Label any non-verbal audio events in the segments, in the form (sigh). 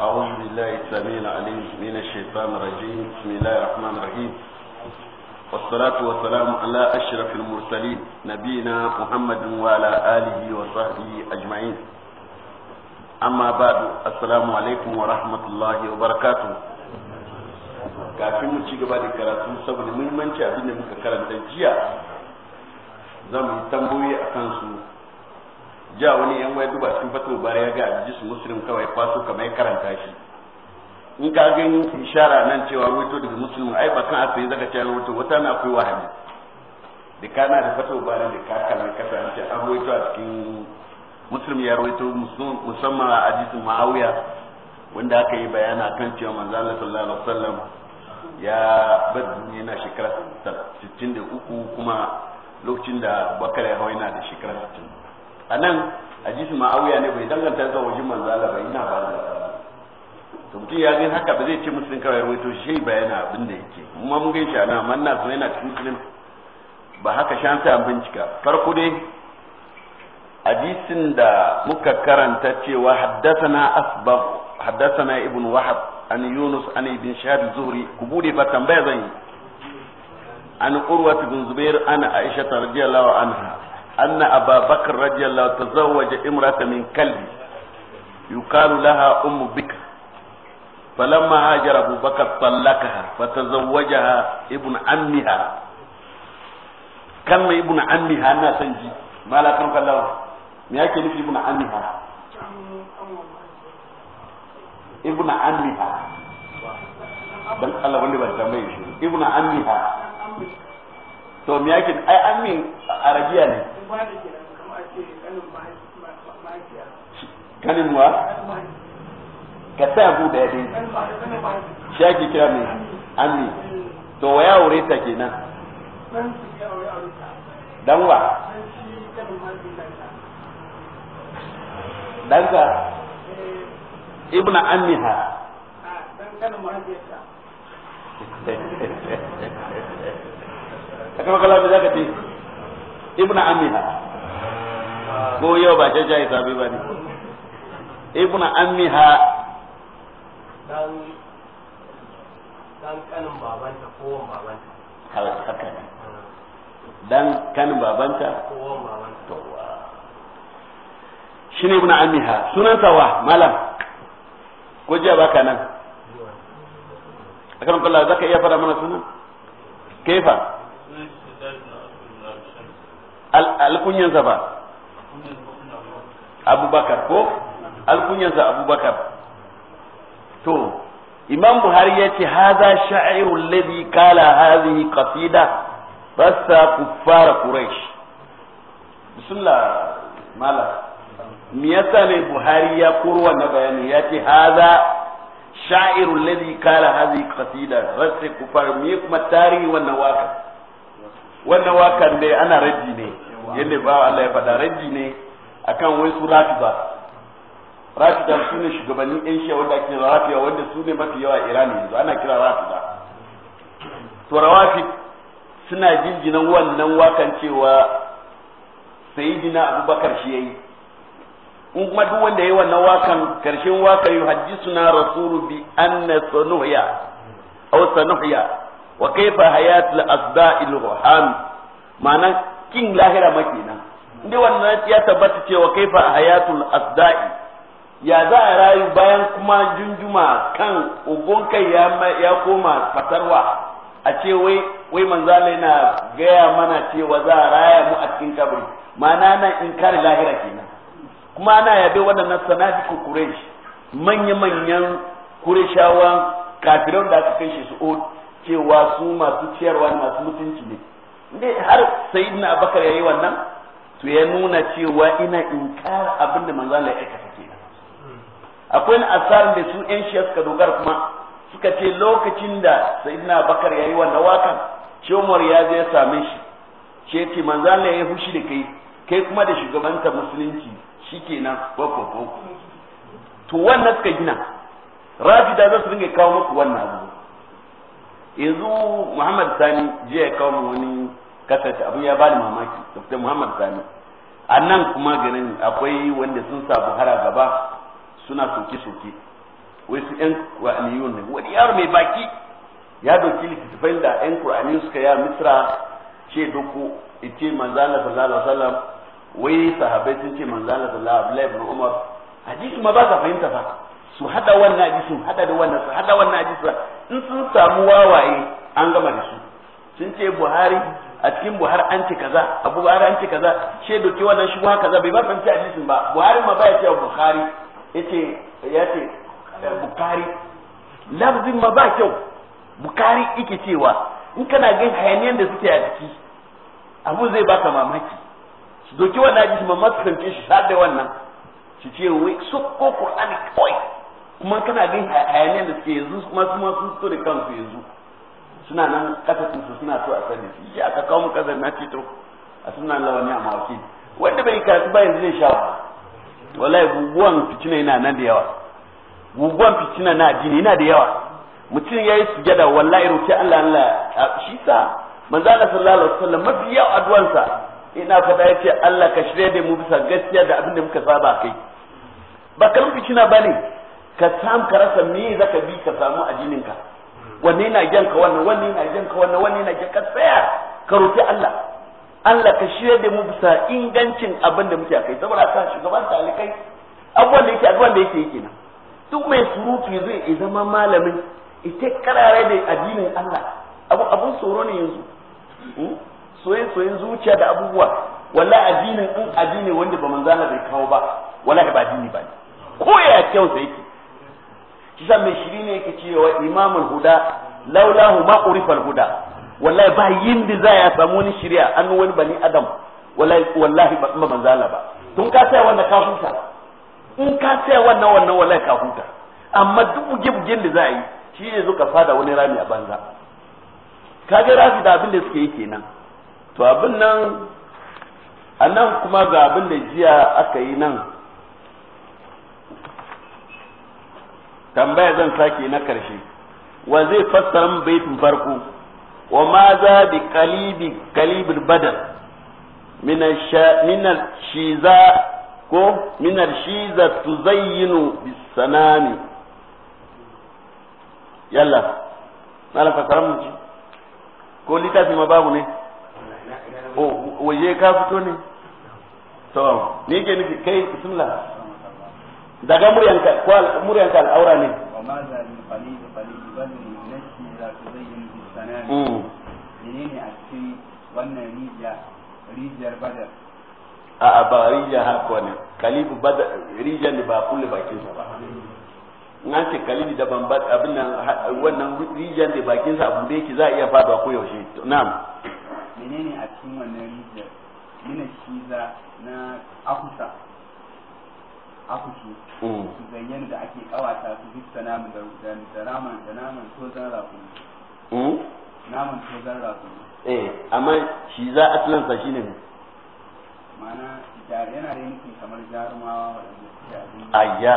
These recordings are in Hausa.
أعوذ بالله السميع العليم من الشيطان الرجيم بسم الله الرحمن الرحيم والصلاة والسلام على أشرف المرسلين نبينا محمد وعلى آله وصحبه أجمعين أما بعد السلام عليكم ورحمة الله وبركاته kafin mu ci gaba da karatu saboda muhimmanci abin da muka karanta jiya za tambayoyi a kansu ja wani yan waya duba cikin fatul bari ya ga su muslim kawai faso kamar ya karanta shi in ka ga ishara nan cewa ruwaito daga muslim ai ba kan sai zaka cewa wato wata na akwai wahabi da kana da fatul bari da ka kalli kasa an ce an ruwaito a cikin muslim ya ruwaito musamman a hadisi ma'awiya wanda aka yi bayana kan cewa manzo Allah sallallahu alaihi wasallam ya bar duniya na shekara 63 kuma lokacin da bakar ya hawa yana da shekara 60 a nan a jisu ma'awiya ne bai danganta ga wajen manzo Allah bai ina ba da to mutum ya gani haka ba zai ce musulun kawai to shi bayana abin da yake kuma mun gaishe ana amma ina yana cikin musulun ba haka shan sa bincika farko dai hadisin da muka karanta cewa haddathana asbab haddathana ibn wahab an yunus an ibn shahab zuhri ku bude ba tambaya zan yi an urwat bin zubair an aisha radiyallahu anha أن أبا بكر رضي الله تزوج امرأة من كلب يقال لها أم بكر فلما هاجر أبو بكر طلقها فتزوجها ابن عمها كان ابن عمها أنا سنجي ما لا كان الله ما يكن ابن عمها ابن عمها بل الله wanda ba ta mai shi to me yake ai an min arabiya ne kanin wa ka sa bu da yadin shi ake kira mai ami to wa ya aure ta kenan dan wa dan ka ibna ammiha ah, dan kanin mahaifiyarta (laughs) a kan kala za ka ce ibna amiha ko yau ba ce ya zabi ba ne ibna amiha dan kanin babanta ko babanta haka ne dan kanin babanta ko babanta shi ne ibn amiha sunan sawa malam ko jiya baka nan akan za ka iya fara mana sunan kaifa alkunyansa ba abubakar ko alkunyansa abubakar to imam buhari ya ce haza sha'iru ladhi kala hadhihi qasida basa kuffara quraish bismillah mala me yasa ne buhari ya koro wannan bayani ya ce haza sha'iru ladhi kala hadhihi qasida basa kuffara me kuma tarihi wannan waka wannan wakan dai ana raji ne yadda ba Allah ya faɗa raji ne akan wai su rafiba rafiba su ne shugabannin yan shiya wanda ake rafiya wanda su ne mafi yawa irani yanzu ana kira rafiba to rawafi suna jinjinan wannan wakan cewa sayyidina abubakar shi yayi in kuma duk wanda yayi wannan wakan karshen wakan yuhaddisuna rasulu bi anna sanuhya aw sanuhya wa kaifa hayatul asba'il ruham ma'ana kin lahira makina inda wannan ya tabbata cewa kaifa hayatul asda'i ya za a rayu bayan kuma junjuma kan ugon kai ya koma fatarwa a ce wai wai manzala yana gaya mana cewa za a raya mu a cikin kabri ma'ana nan in kare lahira kenan kuma ana yabe waɗannan sanadiku kuresh manya-manyan kureshawa kafiran da aka kai shi su cewa su masu ciyarwa ne masu mutunci ne inda har sayyidina abakar yayi wannan to ya nuna cewa ina inkar abin da manzo Allah ya aikata kenan akwai wani asar da su yan shi suka dogara kuma suka ce lokacin da sayyidina abakar yayi wannan wakan Shomar ya je ya same shi ce ce manzo Allah ya fushi da kai kai kuma da shugabanta musulunci shikenan kokoko to wannan suka gina rafida za su dinga kawo muku wannan abu yanzu muhammad sani jiya ya kawo wani kasance abu ya bani mamaki dr muhammad sani a nan kuma ganin akwai wanda sun sa buhara gaba suna soke-soke wai su yan ƙwa'aniyun ne wani yaro mai baki ya doki littattafai da ƴan ƙwa'aniyun suka ya misra ce doko ice manzala sallallahu alaihi wasallam wai sahabai sun ce manzala sallallahu alaihi wasallam Umar hadisi ma ba ka fahimta ba su hada wannan hadisin hada da wannan su hada wannan hadisin in sun samu wawaye an gama da su sun ce buhari a cikin buhari an ce kaza abu buhari an ce kaza ce doki wannan shi kuma kaza bai ba fahimci hadisin ba buhari ma baya cewa buhari yace ya ce eh, bukari lafzin ma ba kyau bukari yake cewa in kana gan hayaniyan da suke a ciki abu zai baka mamaki su doki wannan hadisin ma masu fahimce shi sa da wannan su ce wai su ko qur'ani kawai kuma kana bin hayaniyar da suke yanzu kuma su sun fito da kansu yanzu suna nan kasafin su suna so a sani shi ya aka kawo mu kasar na ce to a suna lawani a mawaki wanda bai karatu ba yanzu zai sha wallahi guguwan fitina yana nan da yawa guguwan fitina na addini yana da yawa mutum ya yayi sujada wallahi roki Allah Allah shi sa manzo Allah sallallahu alaihi wasallam mafi yawa addu'ansa ina fada yace Allah ka shirye da mu bisa gaskiya da abin da muka saba kai ba kalmar fitina bane ka sam ka rasa me zaka bi ka samu ajinin ka wanne na jan ka wannan wanne na jan ka wannan wanne na jan ka tsaya ka roki Allah Allah ka shirye da mu bisa ingancin abin da muke kai saboda ka shugaban talikai abubuwan da yake abubuwan da yake yake nan duk mai surutu zai ya zama malamin ita karare da addinin Allah abu abun tsoro ne yanzu hmm? soyen soyen zuciya da abubuwa walla addinin in addini wanda ba manzana bai kawo ba wala ba addini ba ko ya kyau sai yake kisa mai shiri ne yake cewa imamul huda laulahu ma urifal huda wallahi ba yin da za ya samu wani shirya an wani bani adam wallahi wallahi ba manzala ba tun ka sai wannan ka huta in ka sai wannan wannan wallahi ka huta amma duk buge bugen da za yi shi ne zo ka fada wani rami a banza ka ga rafi da abin da suke yi kenan to abin nan a nan kuma ga abin da jiya aka yi nan tambaya zan sake na karshe wa zai fassara min baitin farko wa ma za bi kalibi kalibul badal min shiza ko min shiza tuzayyinu bis sanami yalla mala fassara mu ci ko littafi ma babu ne o oh, waje ka fito ne to ni ke nufi kai bismillah daga muryanka ko muryanka al'aura ne hmm. a a ba rijiya haka ne kalibu badar rijiyar ne ba kulle bakin sa ba na ce kalibu da ban abin nan wannan rijiyar da bakin sa abu da yake za a iya fada ko yaushe na'am menene a cikin wannan rijiyar mina shiza na akusa akushi Mm. su da ake kawata su duk da naman da naman da naman tozan rakumi mm. naman tozan eh, da nufin kamar jarumawa suke abin ayya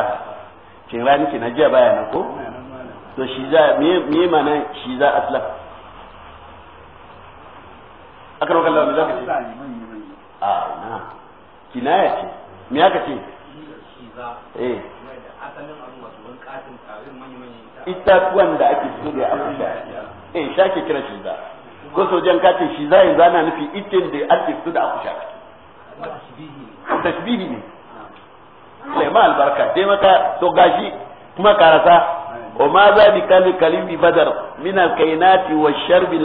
kin na jiya baya na ko to shi za me me mana shi za aslan akan wakan lawan da ka ce a na kinaya ce me aka ce Eh. itatuwan da ake so da aka sha eh shake kira shi za ko sojan katin shi za yanzu ana nufi itin da ake so da aka tashbihi ne lai ma albarka dai maka to gashi kuma karasa wa ma za bi kalli kalimi badar min alkainati wa sharbi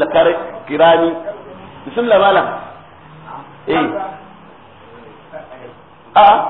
kirani bismillah malam eh a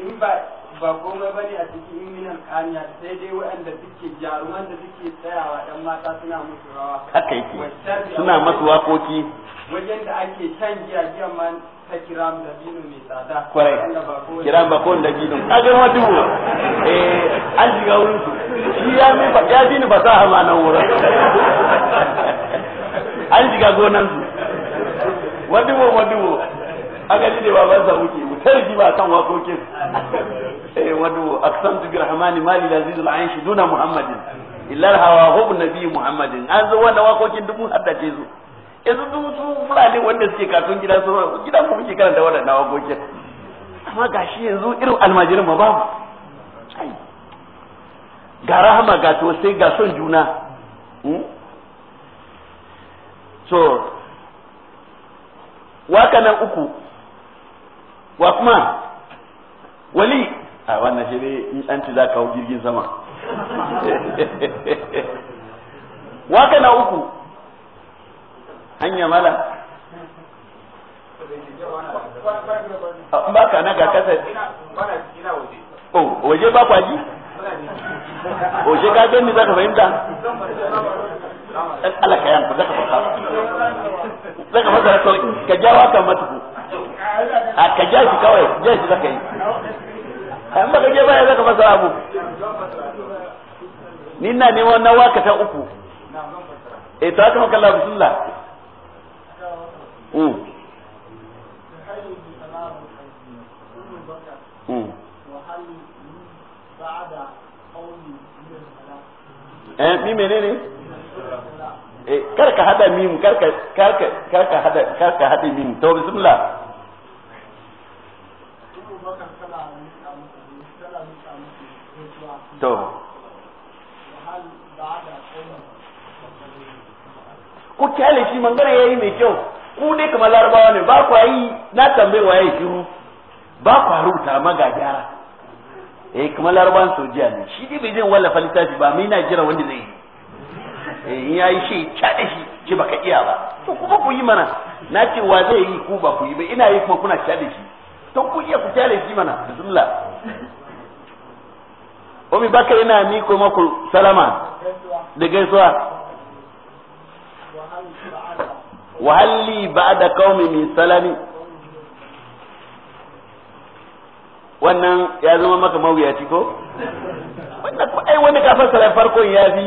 in ba ba komai ba ne a cikin iminan kaniya sai dai waɗanda suke jaruman da suke tsayawa dan mata suna musu rawa haka yake suna masu wakoki wajen da ake can giya giya ma ta kiram da binu mai tsada kwarai kiram ba kowane da binu a ga wata wuri eh an shiga wurin su shi ya mai ba ya binu ba sa hama nan wurin (laughs) an shiga gonan su wadiwo wadiwo aga ji da baban sa muke mu tarji ba kan wakokin eh wadu aksamtu bi rahmani mali laziz al aish duna muhammadin illa hawa hub nabi muhammadin an zo wannan wakokin duk mun ce su yanzu duk su fulani wanda suke katun gida su gida mu muke karanta wadannan wakokin amma gashi yanzu irin almajirin ma babu ga rahama ga tosai ga son juna hmm? so waka nan uku wa kuma wali a ah, wannan shi ne in an ci za kawo jirgin sama (laughs) waka na uku hanya mala ah, ba ka na ga kasa oh, waje ba kwaji waje ka gani za ka fahimta Allah ka ba za ka fasa za ka fasa ka jawa kan matuku a ka ja shi kawai ja shi zaka yi an baka je baya zaka fasa abu ni na neman na waka ta uku eh to haka maka Allah bismillah mm mm eh mi menene eh kar ka hada mim kar ka kar ka kar ka hada kar ka hada mim to bismillah to ku kyale shi mangare yayi mai kyau ku dai kamar larabawa ne ba ku yi na tambaye waye shiru ba ku rubuta maga eh kamar larabawan sojiya ne shi dai bai zai wallafa littafi ba mai na jira wanda zai yi Eh, in yayi shi kada shi ji baka iya ba to kuma ku yi mana na ce wa zai yi ku ba ku yi ba ina yi kuma kuna kada shi to ku iya ku kada shi mana bismillah Umi Bakar yana ma maku salama da gaisuwa halli ba'da qaumi min salami wannan ya zama maka mawuyaci ko wannan ai wani kafin sarai farkon ya fi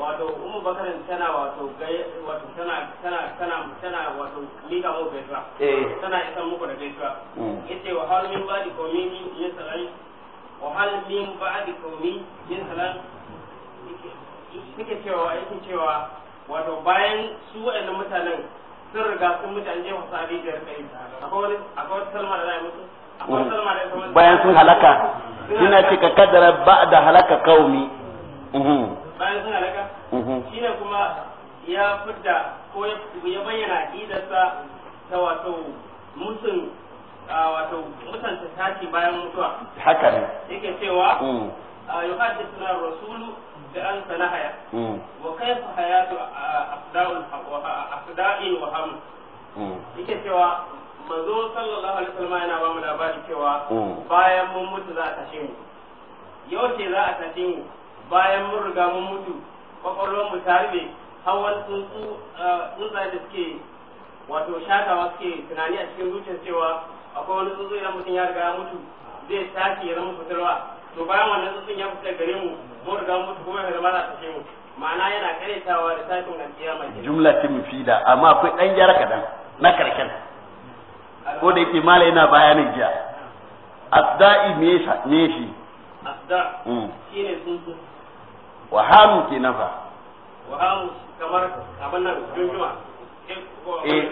wato umu bakarin tana wato gai wato tana tana tana tana wato liga mu gaisuwa eh. tana isa muku da gaisuwa mm. yace wa hal min ba'di qawmi min salam wa hal min ba'di qawmi min salam yake cewa yake cewa wato bayan su waɗannan mutanen sun riga sun mutu an je wasu abijiyar kai akwai wani akwai salma da za a mutu bayan sun halaka suna ce ka kaddara ba da halaka kaumi mhm. bayan suna sun mhm. Shi ne kuma ya fidda ko ya bayyana idarsa ta wato musun wato mutanta tashi bayan mutuwa haka ne yake cewa suna mm. rasulu bi an haya. Mm. wa kai kayfa hayatu afda'un afda'in wa ham mm. yake cewa manzo sallallahu alaihi wasallam yana ba mu labari cewa bayan mun mutu za a tashe mu yau ce za a tashe mu bayan mun riga mun mutu kwakwalwar mu ta rube hawan tsuntsu tsuntsaye da suke wato shatawa suke tunani a cikin zuciyar cewa akwai wani tsuntsu idan mutum ya riga ya mutu zai tashi ya zama fitarwa to bayan wannan tsuntsun ya fita gare mu mun riga mun mutu kuma ya zama na tafi mu ma'ana yana karetawa da tashin alkiyama kenan jumla ce da amma akwai ɗan gyara kaɗan na karshen ko da yake mala yana bayanin jiya asda'i me shi ne hmm. shine tsuntsu wa hamu ke nafa wa hamu kamar abin nan junjuma eh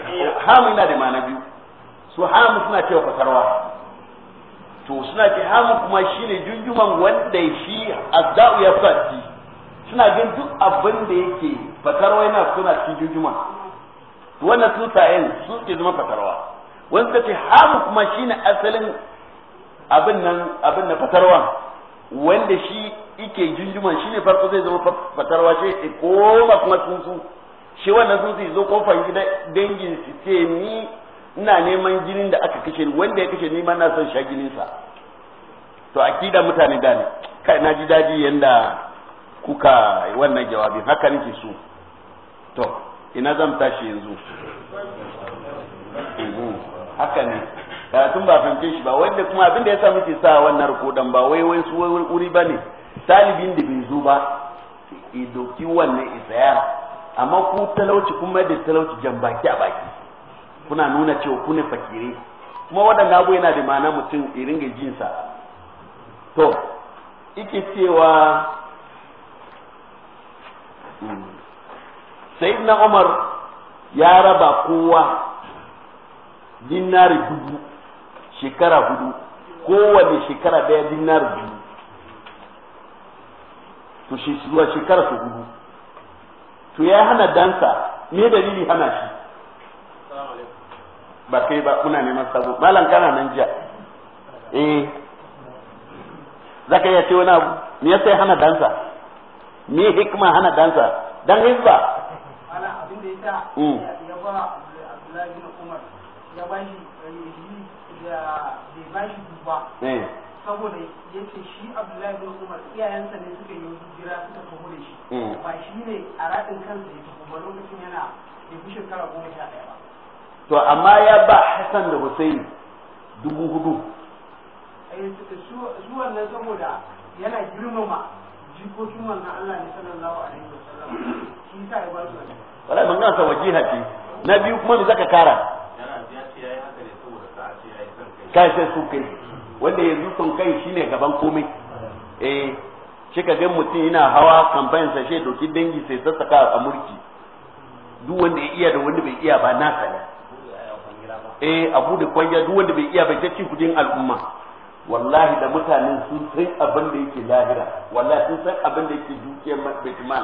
hamu ina da ma'ana biyu su hamu suna cewa fasarwa to suna ce hamu kuma shine junjuman wanda shi azda'u ya fasi suna gan duk abin da yake fatarwa yana suna cikin junjuma wannan tutayen su ke zama fatarwa wani suka ce hamu kuma shine asalin abin nan abin na fatarwa wanda shi ike junjuman shine farko zai zama fatarwa ce ko ba kuma shi wannan yi zo kofar gida dangin su ce ni ina neman jinin da aka kashe ni wanda ya kashe ni ma na son sha gininsa. To to akida mutane da ne kai na ji daji yanda kuka wannan jawabin. haka nake so to ina zan tashi yanzu haka ne karatun ba fahimce shi ba wanda kuma abin da ya sa muke sa wannan rukodan ba wai wai su wuri ba ne talibin da bai zo ba doki wannan isaya amma ku talauci kuma da talauci jan baki a baki kuna nuna cewa ku ne fakire kuma waɗanda abu yana da ma'ana mutum irin ga jinsa to ike cewa hmm, sai na umar ya raba kowa dinari dubu shekara hudu kowane shekara daya dinari dubu to shi zuwa shekara su hudu to ya hana dansa me dalili hana shi ba kai ba kuna neman sabo malam kana nan jiya eh zaka ya iya ce wani abu me yasa ya hana dansa me hikima hana dansa dan hizba abin da mm. ya ba Abdullahi bin Umar ya ba shi da eh, bai ba shi eh. saboda yake shi abdullahi bin umar iyayensa ne suka yi hijira suka tafi da shi mm. ba shi ne a raɗin kansa ya tafi ba lokacin yana ya fi shekara goma sha ɗaya ba to amma ya ba hassan da husaini dubu hudu su wannan saboda yana girmama jikokin wannan allah ne sallallahu alaihi wasallam shi sa ya ba su wannan wala ban gasa wajiha ce na biyu kuma me zaka kara ya ce yayi haka ne saboda ka ce yayi kai sai su kai wanda yanzu son kai shine gaban komai eh shi ka gan mutum yana hawa kamfanin sa shi doki dangi sai sassaka a murki duk wanda ya iya da wanda bai iya ba nasa ne eh abu da kwanya duk wanda bai iya bai ta kudin al'umma wallahi da mutanen sun san abin da yake lahira wallahi sun san abin da yake dukiyar baitmal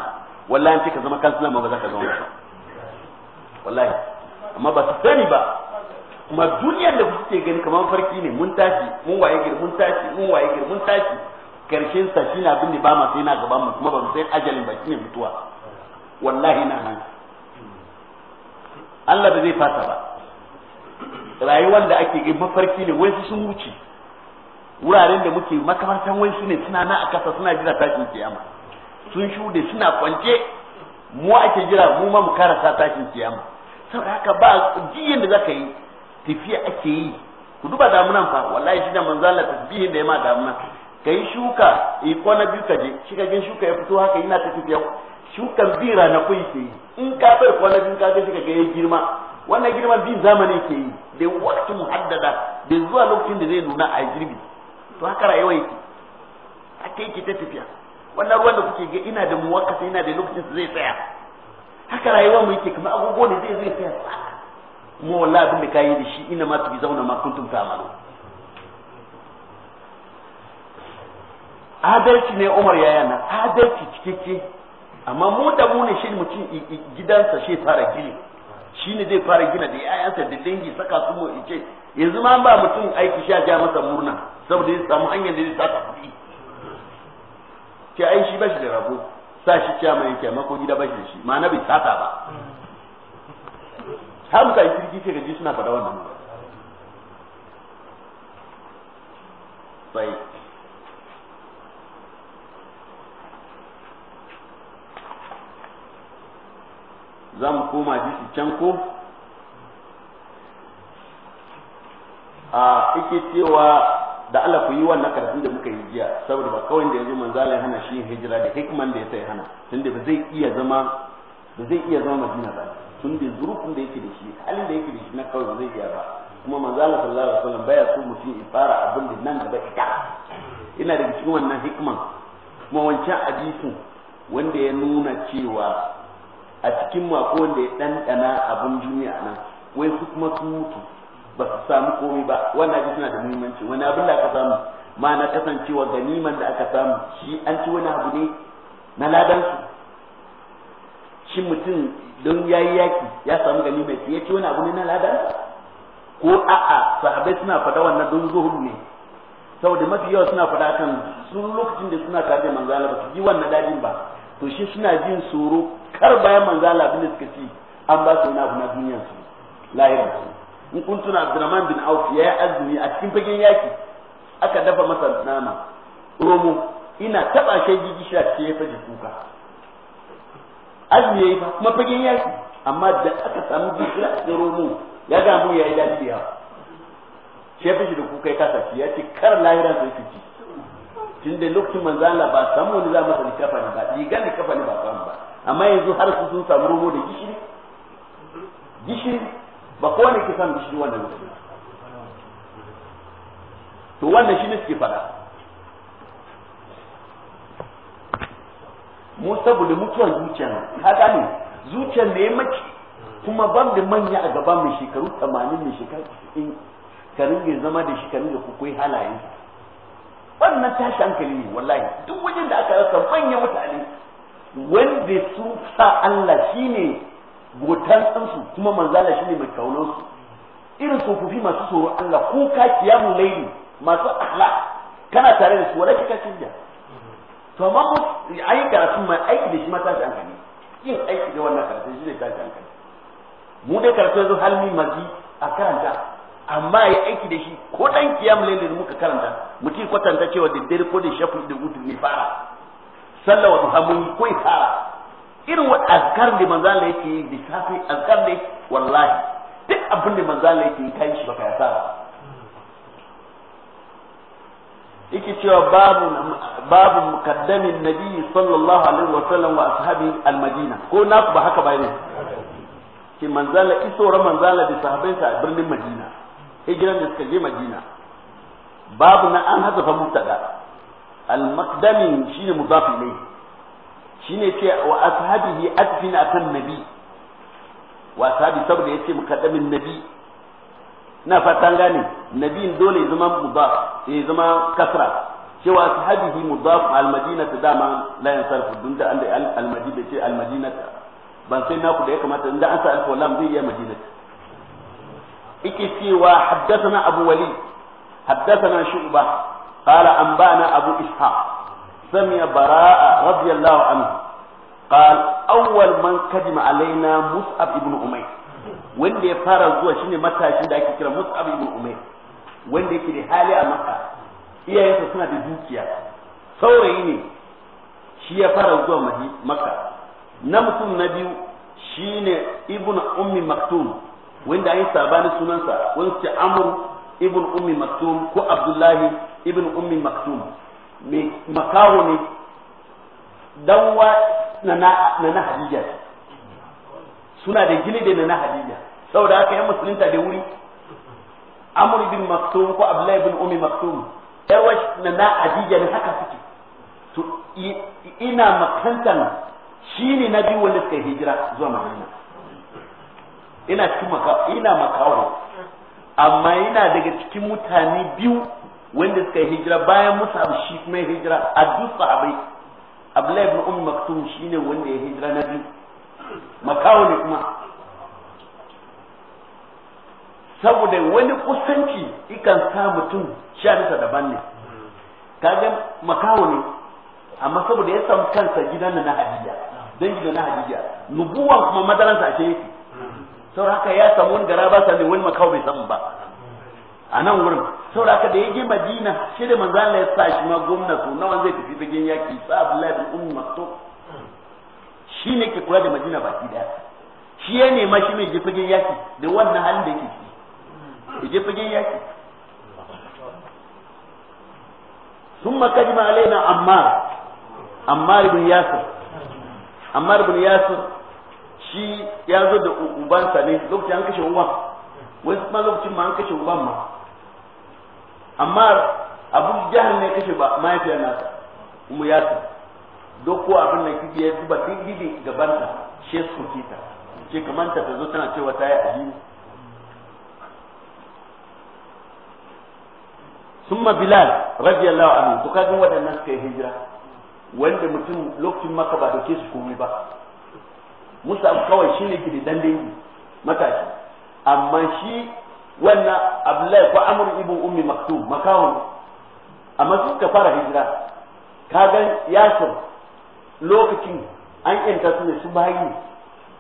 wallahi an ce zama kansila ma ba za ka zama wallahi amma ba su sani ba kuma duniyar da kuke gani kamar farki ne mun tashi mun waye gari mun tashi mun waye gari mun tashi karshen sa shi na abin da ba ma sai na gaban mu kuma ba mu sai ajalin ba shine mutuwa wallahi na nan Allah ba zai fasa ba rayuwar da ake gani mafarki ne wai sun wuce wuraren da muke makamantan wai su ne suna na a kasa suna jira tashin kiyama sun shude suna kwance mu ake jira mu ma mu karasa tashin kiyama saboda haka ba jiyan da zaka yi tafiya ake yi ku duba damunan fa wallahi shi da manzo Allah tasbihin da yama damunan kai shuka yi eh, kwana biyu ka je shi kagin shuka ya fito haka yana ta tafiya shukan bi ranakun ke yi in ka bar kwana biyu ka ga shi kaga yayi girma wannan girman bi zamani ke yi da wakati muhaddada da zuwa lokacin da zai nuna a girbi to haka rayuwa yake haka yi ta tafiya wannan ruwan da kuke ga ina da muwakkata ina da lokacin zai tsaya haka rayuwa mu yake kuma agogo ne zai zai tsaya mu wallahi abin da ka yi da shi ina ma tafi zauna ma kuntum ta amalu adalci ne umar yaya na adalci cikakke amma mu da mu ne shi mutum gidansa shi fara gini shi ne zai fara gina da yayansa da dangi saka su mu ice yanzu ma ba mutum aiki sha ja masa murna saboda ya samu hanyar da zai saka kuɗi ke ai shi ba shi da rabo sa shi ciya mai yake ko gida ba shi da shi ma'ana bai sata ba har bai kirki ce gaji suna faɗa wannan bai za mu koma jiki can ko a ike cewa da Allah ku yi wannan karfin da muka yi jiya saboda ba kawai da yanzu manzo Allah hana shi hijira da hikman da ya sai hana tunda ba zai iya zama ba zai iya zama Madina ba tun da zurfin da yake da shi halin da yake da shi na kawai ba zai iya ba kuma manzo Allah sallallahu alaihi wasallam baya so mutum ya fara abin da nan gaba ita ina da cikin wannan hikman kuma wancan hadisin wanda ya nuna cewa a cikin mako wanda ya dandana abin duniya nan wai su kuma sun mutu ba su samu komai ba wannan hadisi na da muhimmanci wani abin da aka samu ma na kasancewa ganiman da aka samu shi an ci wani abu ne na ladansu shi mutum don ya yi yaki ya samu gani mai ya ci wani abu ne na lada ko a'a sahabai suna fada wannan don zuhur ne saboda mafi yawa suna fada kan sun lokacin da suna tare da manzala ba su ji wannan dadin ba to shi suna jin tsoro kar bayan manzala abin da suka ci an ba su wani abu na duniyar su lahira su in kun tuna abdurrahman bin auf ya yi azumi a cikin fagen yaki aka dafa masa nama romo ina taba shi jiji a cikin ya fashe kuka azumi yi fa kuma fagen yaki amma da aka samu bisira da romo ya ga mu yi dadi ya Shafi shi ya shi da kuka ya kasa ya ce kar lahiran sai ki ci tun da lokacin manzo Allah ba samu wani za masa likafa ne ba diga ne kafa ne ba samu ba amma yanzu har su sun samu romo da gishiri gishiri ba kowane ke samu gishiri wannan lokacin to wannan shi ne suke faɗa mu saboda mutuwar zuciya ka gane zuciyar ne ya mace kuma ban da manya a gaba mai shekaru 80 mai shekaru 90 ka ringa zama da shi ka ringa kukwai halayen wannan tashi hankali ne wallahi duk wajen da aka rasa manyan mutane wanda su sa Allah shine gotan tsansu kuma manzala shine mai kaunar su irin tsofaffi masu tsoron Allah ko kaciya kiyamu laili masu ahla kana tare da su wala kika canja to amma ko ai karatu mai aiki da shi ma tashi hankali yin aiki da wannan karatu shi ne tashi hankali mu dai karatu yanzu halmi mazi a karanta amma ya aiki da shi ko dan kiyam lailin muka karanta mutum kwatanta cewa da dare ko da shafi da gudu ne fara sallah wa duha mun koi fara irin wa azkar da manzo Allah yake da safi azkar ne wallahi duk abin da manzo Allah yake kai shi baka yasa yake cewa babu babu mukaddamin nabi sallallahu alaihi wa sallam wa ashabi al-madina ko na ba haka ba ne Ki manzala isora manzala da sa a birnin madina hijiran da suka je madina babu na an hazafa mubtada al-maqdamin shine mudaf ilayhi shine ce wa ashabihi atfin akan nabi wa sabi saboda yace mukaddamin nabi na fatan gane nabiyin dole ya zama mudaf ya zama kasra cewa sahabihi mudaf almadina ta dama la yansarfu dun da an da almadi bai ce almadina ban sai naku da ya kamata inda an sa alif wallam zai yi madina yake cewa haddathana abu wali haddathana shu'ba qala anbana abu ishaq sami bara'a radiyallahu anhu قال أول من كذب علينا مصعب ابن أمير wanda ya fara zuwa shine matashin da ake kira Mus'ab ibn Umayr wanda yake da hali a Makka iyayensa suna da dukiya saurayi ne shi ya fara zuwa maka. na mutum na biyu shine ibn Ummi Maktum wanda ai sabani sunansa wani ce Amr ibn Ummi Maktum ko Abdullahi ibn Ummi Maktum makaho ne dan wa na na Hadija suna da gini da na hadija saboda haka yan musulunta da wuri amur bin maktum ko abdullahi bin umi maktum yar wash na na hadija ne haka suke to ina makantan shine na biyu wanda suka hijira zuwa madina ina cikin maka ina makawo amma ina daga cikin mutane biyu wanda suka hijira bayan abu shi kuma hijira a duk sahabai abdullahi laifin ummi maktum shine wanda ya hijira na biyu makawo ne kuma saboda wani kusanci ikan sa mutum nisa daban ne kaga makawo ne amma saboda ya samu kansa gidan na hadiya don gidan na hadiya nubuwan kuma madaransa ce yake saboda haka ya samu wani gara ba ne wani makawo bai samu ba a nan wurin saboda haka da ya je madina shi da manzo Allah ya sa shi ma gwamnati nawa zai tafi fagen yaki sa Abdullahi bin Ummu Maktum shi ne ke kula da madina baki daya shi ya nema shi mai jefagen yaki da wannan halin da yake ciki jefagen yaki sun makajima alaina ammar ammar ibn yasir ammar ibn yasir shi ya zo da ubansa ne lokacin an kashe uban wasu ma lokacin ma an kashe uban ma ammar abu jahal ne kashe ba mahaifiyar nasa umu yasir doko abin da kike ya zuba dingidi gaban ta she su kita ce kaman ta zo tana cewa ta yi addini summa bilal radiyallahu anhu to kajin wadannan suka yi hijira wanda mutum lokacin maka ba dauke su komai ba musa kawai shine gidi dan dangi matashi amma shi wannan abdullahi ko amru ibn ummi maktum makawun amma suka fara hijira kaga yasir lokacin an yanta su ne su bayi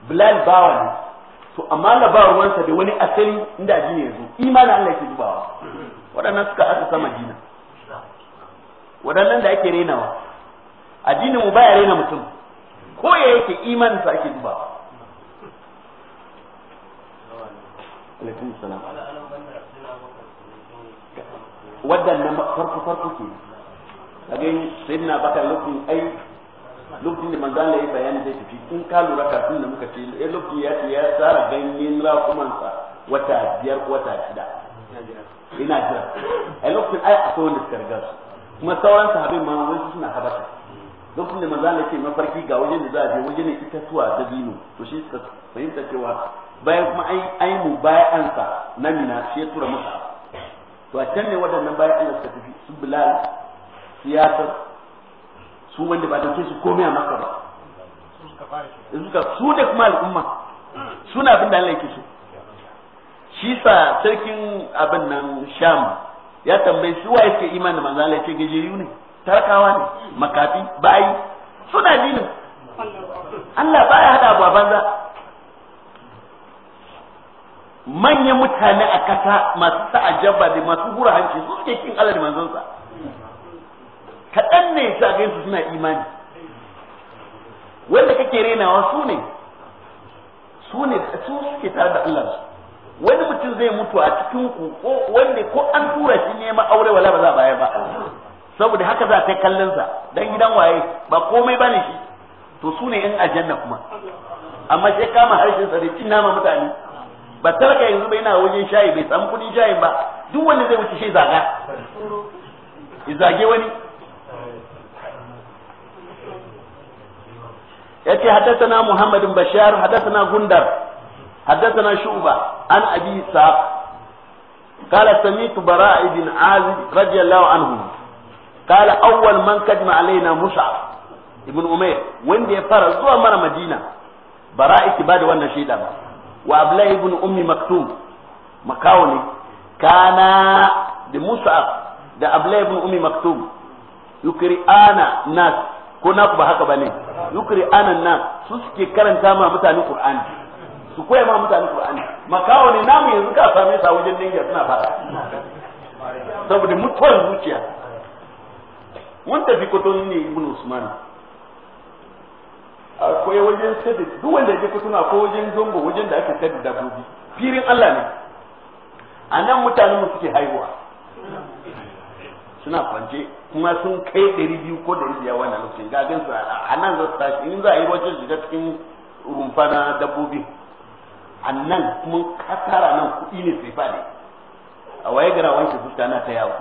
bilal bawa ne to amma labarwansa da wani asali inda addini ya zo imani Allah yake dubawa waɗannan suka aka sama jina waɗannan da ake renawa addinin mu baya rena mutum ko ya yake imanin sa ake dubawa alaikum salam waɗannan farko farko ke a gani na baka lokacin ai lokacin da manzo Allah ya bayani zai tafi in ka lura kafin da muka ce ya eh, lokacin ya ce ya tsara ganyen rakumansa wata biyar wata shida ina jira a lokacin ai akwai wanda suka riga su kuma sauran haɓe ma wani suna habata lokacin da manzo Allah ya ce mafarki ga wajen da za a je wajen suwa da bino to shi suka fahimta cewa bayan kuma ai ai mu bayansa na mina shi ya tura musu to a can ne waɗannan bayan Allah suka tafi su Bilal siyasar su wanda ba dauke su komai a maka ba su da kuma al'umma suna abin da Allah yake so shi sa sarkin abin nan sham ya tambayi su wa yake imani manzo Allah yake gajeyu ne tarkawa ne makafi bayi suna dinin Allah baya hada abu banza manyan mutane a kasa masu sa'ajaba da masu hura hanci su suke kin Allah da manzonsa kaɗan ne sa su suna imani wanda kake renawa su ne su ne su suke tare da Allah wani mutum zai mutu a cikin ku ko wanda ko an tura shi ma aure wala ba za a baya ba saboda haka za ta yi kallon sa dan gidan waye ba komai bane shi to su ne yan aljanna kuma amma sai kama harshen sa da cin nama mutane ba tarka yanzu bai na wajen shayi bai samu kudin shayi ba duk wanda zai wuce shi zaga zage wani yace haddathana muhammad bin bashar haddathana gundar haddathana shuba an abi sa'd qala sami'tu bara' ibn radiyallahu anhu qala awwal man kadma alaina musa ibn umayr wanda ya fara zuwa mara madina bara' ba da wannan shaida ba wa abdullah ibn ummi maktum makawo ne kana da musa da abdullah ibn ummi maktum ana nas ko naku ba haka bane yukri anan nan su suke karanta ma mutane qur'ani su koya ma mutane qur'ani makawo ne namu yanzu ka same sa wajen dinga suna fara saboda mutuwar zuciya mun tafi kotun ne ibn usman akwai wajen sadda duk wanda ya je a ko wajen zongo wajen da ake sadda dabbobi firin Allah ne a nan mutanen mu suke haihuwa suna kwance kuma sun kai ɗari biyu ko ɗari biyar wannan lokacin gagan su a nan za su tashi in za a yi wajen shiga cikin rumfa na dabbobi a nan kuma kasara nan kuɗi ne sai faɗi a waye gara wanke fuska na ta yawo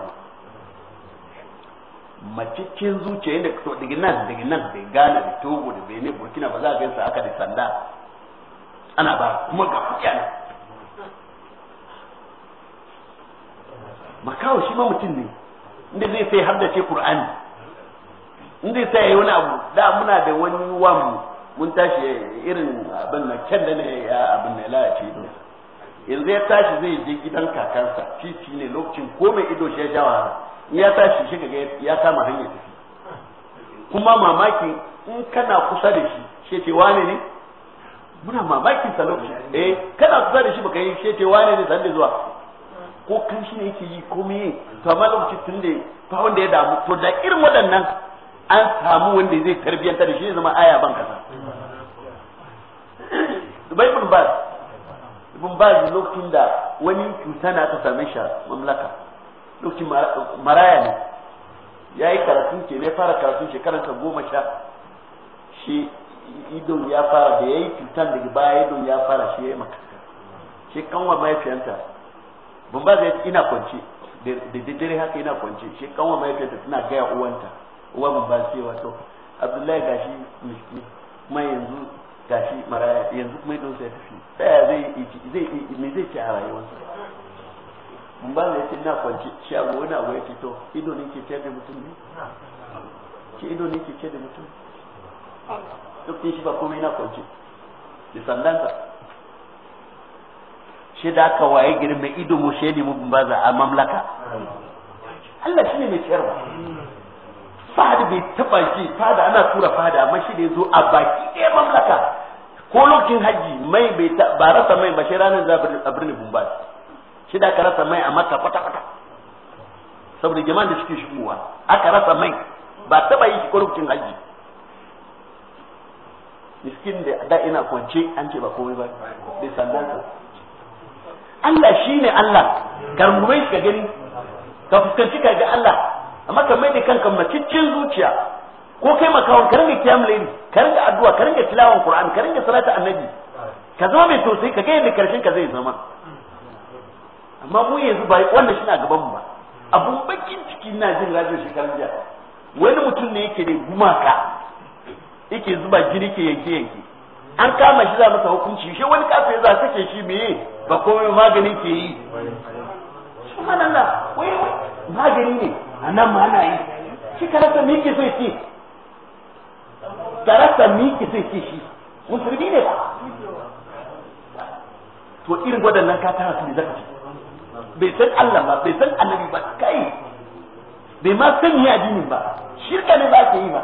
macikin zuciya da to daga nan daga nan da Ghana da Togo da Benin Burkina ba za a gansa aka da sanda ana ba kuma ga kuɗi ana makawo shi ma mutum ne inda zai sai ce Qur'ani inda zai sai wani abu da muna da wani wam mun tashi irin abin nan can da ne ya abin ne lalace ido yanzu ya tashi zai je gidan kakansa titi ne lokacin ko mai ido shi ya jawa in ya tashi shi ga ya kama hanyar tafi kuma mamaki in kana kusa da shi shi ce wane ne muna mamakin sa lokacin eh kana kusa da shi baka yi shi ce wane ne sanda zuwa ko shi ne yake yi ko meye to amma lokacin tun da fa wanda ya damu to da irin waɗannan an samu wanda zai tarbiyyanta da shi zama aya ban kasa Dubai ibn Baz ibn Baz lokacin da wani cuta na ta same shi mamlaka lokacin maraya ne ya yi karatun ke ne fara karatun shekaransa goma sha shi idon ya fara da ya yi cutan daga baya idon ya fara shi ya yi makaka shi kanwa mahaifiyanta ban ba zai ina kwance da daddare haka ina kwance shi kanwa mahaifiyarta tana gaya uwanta uwa ban ba sai wato abdullahi gashi miski kuma yanzu gashi maraya yanzu kuma idan sai tafi tsaya zai zai me zai ci a rayuwarsa ban ba zai ce ina kwance shi abu wani abu ya ce to ido ne ke ce da mutum ne ki ido ne ke ce da mutum duk shi ba komai na kwance da sandansa shi da aka waye gari mai ido mu shi ne mu baza a mamlaka Allah shi ne mai ciyarwa fahad bai taba shi fada ana tura fada amma shi ne zo a baki ɗaya mamlaka ko lokacin hajji mai bai ba rasa mai ba shi ranar za a birni bumbas shi da aka rasa mai a mata kwata-kwata saboda jama'an da suke shigowa aka rasa mai ba taba yi ko lokacin hajji miskin da da ina kwance an ce ba komai ba bai sandansa Allah shi ne Allah garmume shi ka gani ka fuskanci ka ga Allah amma ka mai da kanka macicin zuciya ko kai makawan ka ringa kiyam ka ringa addu'a ka ringa tilawan qur'ani ka ringa salatu annabi ka zama mai tausayi ka ga yadda karshen ka zai zama amma mu yanzu ba wannan shi na gaban mu ba abun bakin ciki na jin rajin shekaru jiya wani mutum ne yake ne gumaka yake zuba jini ke yanke yanke an kama shi za masa hukunci shi wani kafin za sake shi meye ba komai magani ke yi na wai magani ne a nan ma ana yi shi karasa me ke so ce karasa me ke ce shi musulmi ne ba to irin waɗannan ka tara su ne zaka ce bai san Allah ba bai san annabi ba kai bai ma san yi ba shirka ne ba ke yi ba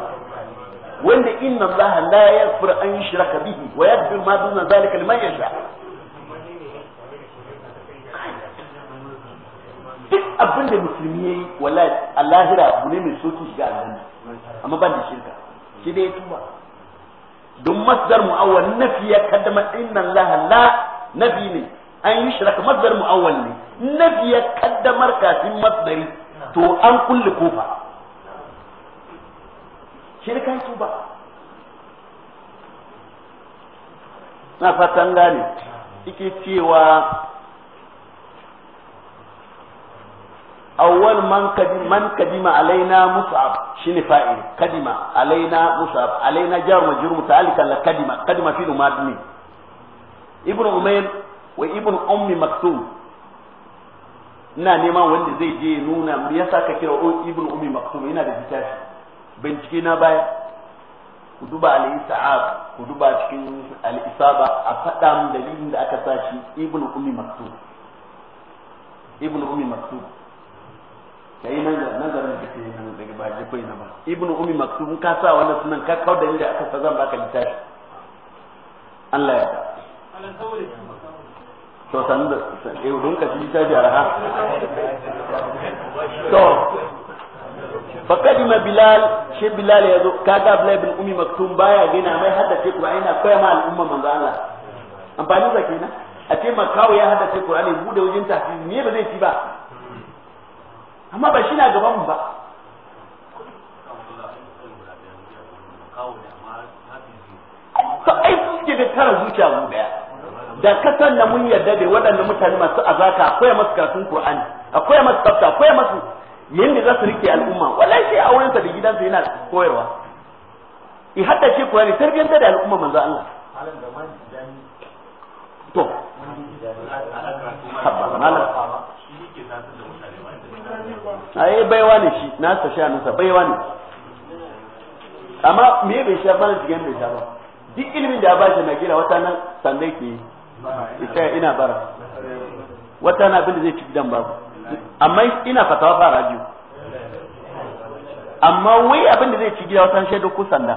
wanda inna allaha la yaghfiru an yushraka bihi wa yaghfiru ma duna zalika liman yasha duk abin da musulmi ya yayi wallahi alahira abu ne mai soki shiga aljanna amma ban da shirka shi dai tuba don masdar mu'awwal nafi ya kaddama inna allaha la nafi ne an yi shiraka masdar mu'awwal ne nafi ya kaddamar kafin masdari to an kulle kofa shirkan ba na fatan gane ike cewa awwal man kadima man kadima alaina mus'ab shine fa'il kadima alaina mus'ab alaina jar majrur muta'alliqan la kadima kadima fi madni ibnu umayr wa ibnu ummi maktum ina neman wanda zai je nuna me yasa ka kira ibnu ummi maktum ina da fitashi bincike na baya ku duba al-isa'ab ku duba cikin al-isaba a faɗa mun dalilin da aka sa shi ibnu ummi maktub ibnu ummi maktub kai nan nazarin da ke nan daga baje je kai na ba ibnu ummi maktub ka sa wannan sunan ka kawo dalilin da aka sa zan baka littafi Allah ya to san da eh don ka ji jara ha. to fa kadima bilal shi bilal ya zo kaga bilal bin ummi maktum baya gina mai haddace qur'ani na koyar ma al'umma manzo Allah amfani da kenan a ce makawo ya haddace qur'ani bude wajen tafi me ba zai ci ba amma ba shi na gaban mu ba ai suke da tara zuciya mu daya da kasan da mun yarda da waɗannan mutane masu azaka akwai masu karatun qur'ani akwai masu tsafta akwai masu yadda za su rike al'umma wallahi sai aurensa da gidansa yana koyarwa i hadda shi kuwa ne tarbiyyar da al'umma manzo Allah to ai baiwa ne shi na sa sha nasa baiwa ne amma me bai sha bana cikin bai sha ba duk ilimin da ya ba shi na gida wata nan sandai ke ita ina bara wata na abin da zai ci gidan babu amma ina fatawa ba radio, amma wai abin da zai ci gida wata shaidu ko sanda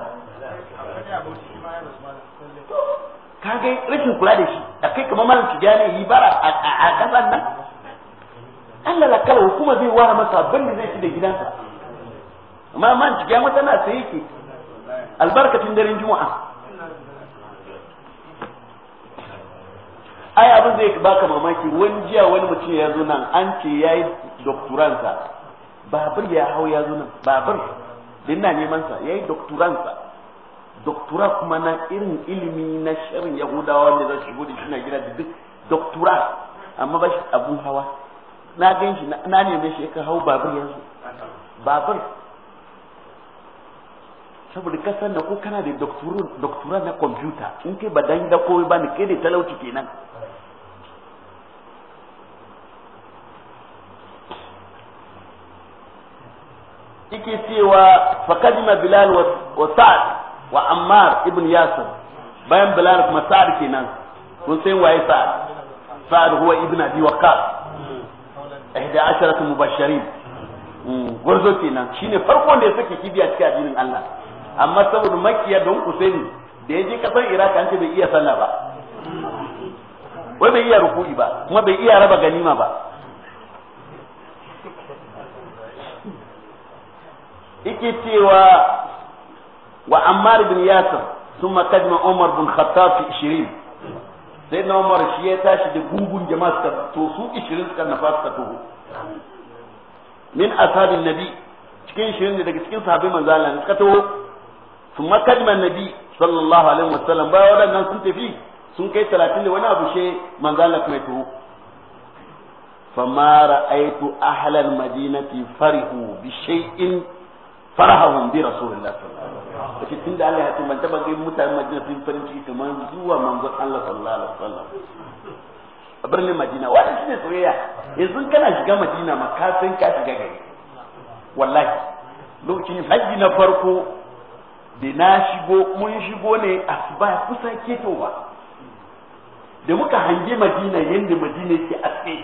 ka ga rashin kula da shi da kai kamar malam gane yi bara a kasan nan Allah la kala hukuma zai wara masa abin da zai ci da gidansa amma man tijani wata na sai yake albarkatun daren juma'a ai abin zai baka mamaki wani jiya wani mutum ya zo nan an ce ya yi doktoransa babur ya hau ya zo nan babur din na neman sa ya yi doktoransa doktora kuma na irin ilimi na shirin yahudawa ne za su shigo da shi na gida da duk doktora amma ba shi abun hawa na gan shi na neman shi ya ka hau babur ya zo babur saboda ka san ko kana da doktora na kwamfuta in ke ba dan da kowai ba ne ke da talauci kenan ike cewa fakadima bilal wa sa'ad wa ammar ibn yasir bayan bilal kuma sa'ad kenan kun san waye sa'ad sa'ad huwa ibn abi waqas ihda asharatu mubashirin mm, gurzo kenan shine farkon da ya sake kibiya cikin addinin Allah amma saboda makiya don Usaini da ya je kasar Iraq an ce bai iya sallah ba wai bai iya ruku'i ba kuma bai iya raba ganima ba yake cewa wa Ammar bin Yasir thumma kadma Umar bin Khattab 20 sai na Umar shi ya tashi da gungun jama'a suka to su 20 suka nafa suka tuhu min ashabin nabi cikin 20 daga cikin sahabbai manzo Allah suka tuhu sun makadman nabi sallallahu alaihi wasallam bayan waɗannan sun tafi sun kai talatin da wani abu she manzala kuma tuhu فما رأيت أهل المدينة فرحوا بشيء فرحهم برسول الله صلى الله عليه وسلم لكن تند الله يتم أن تبقى madina المدينة farin ciki كمان zuwa من الله sallallahu alaihi عليه وسلم birnin Madina wani shi ne soyayya yanzu kana shiga Madina ma ka san ka shiga gari wallahi lokacin hajji na farko da na shigo mun shigo ne a ba kusa ketowa da muka hange madina yadda madina ke atse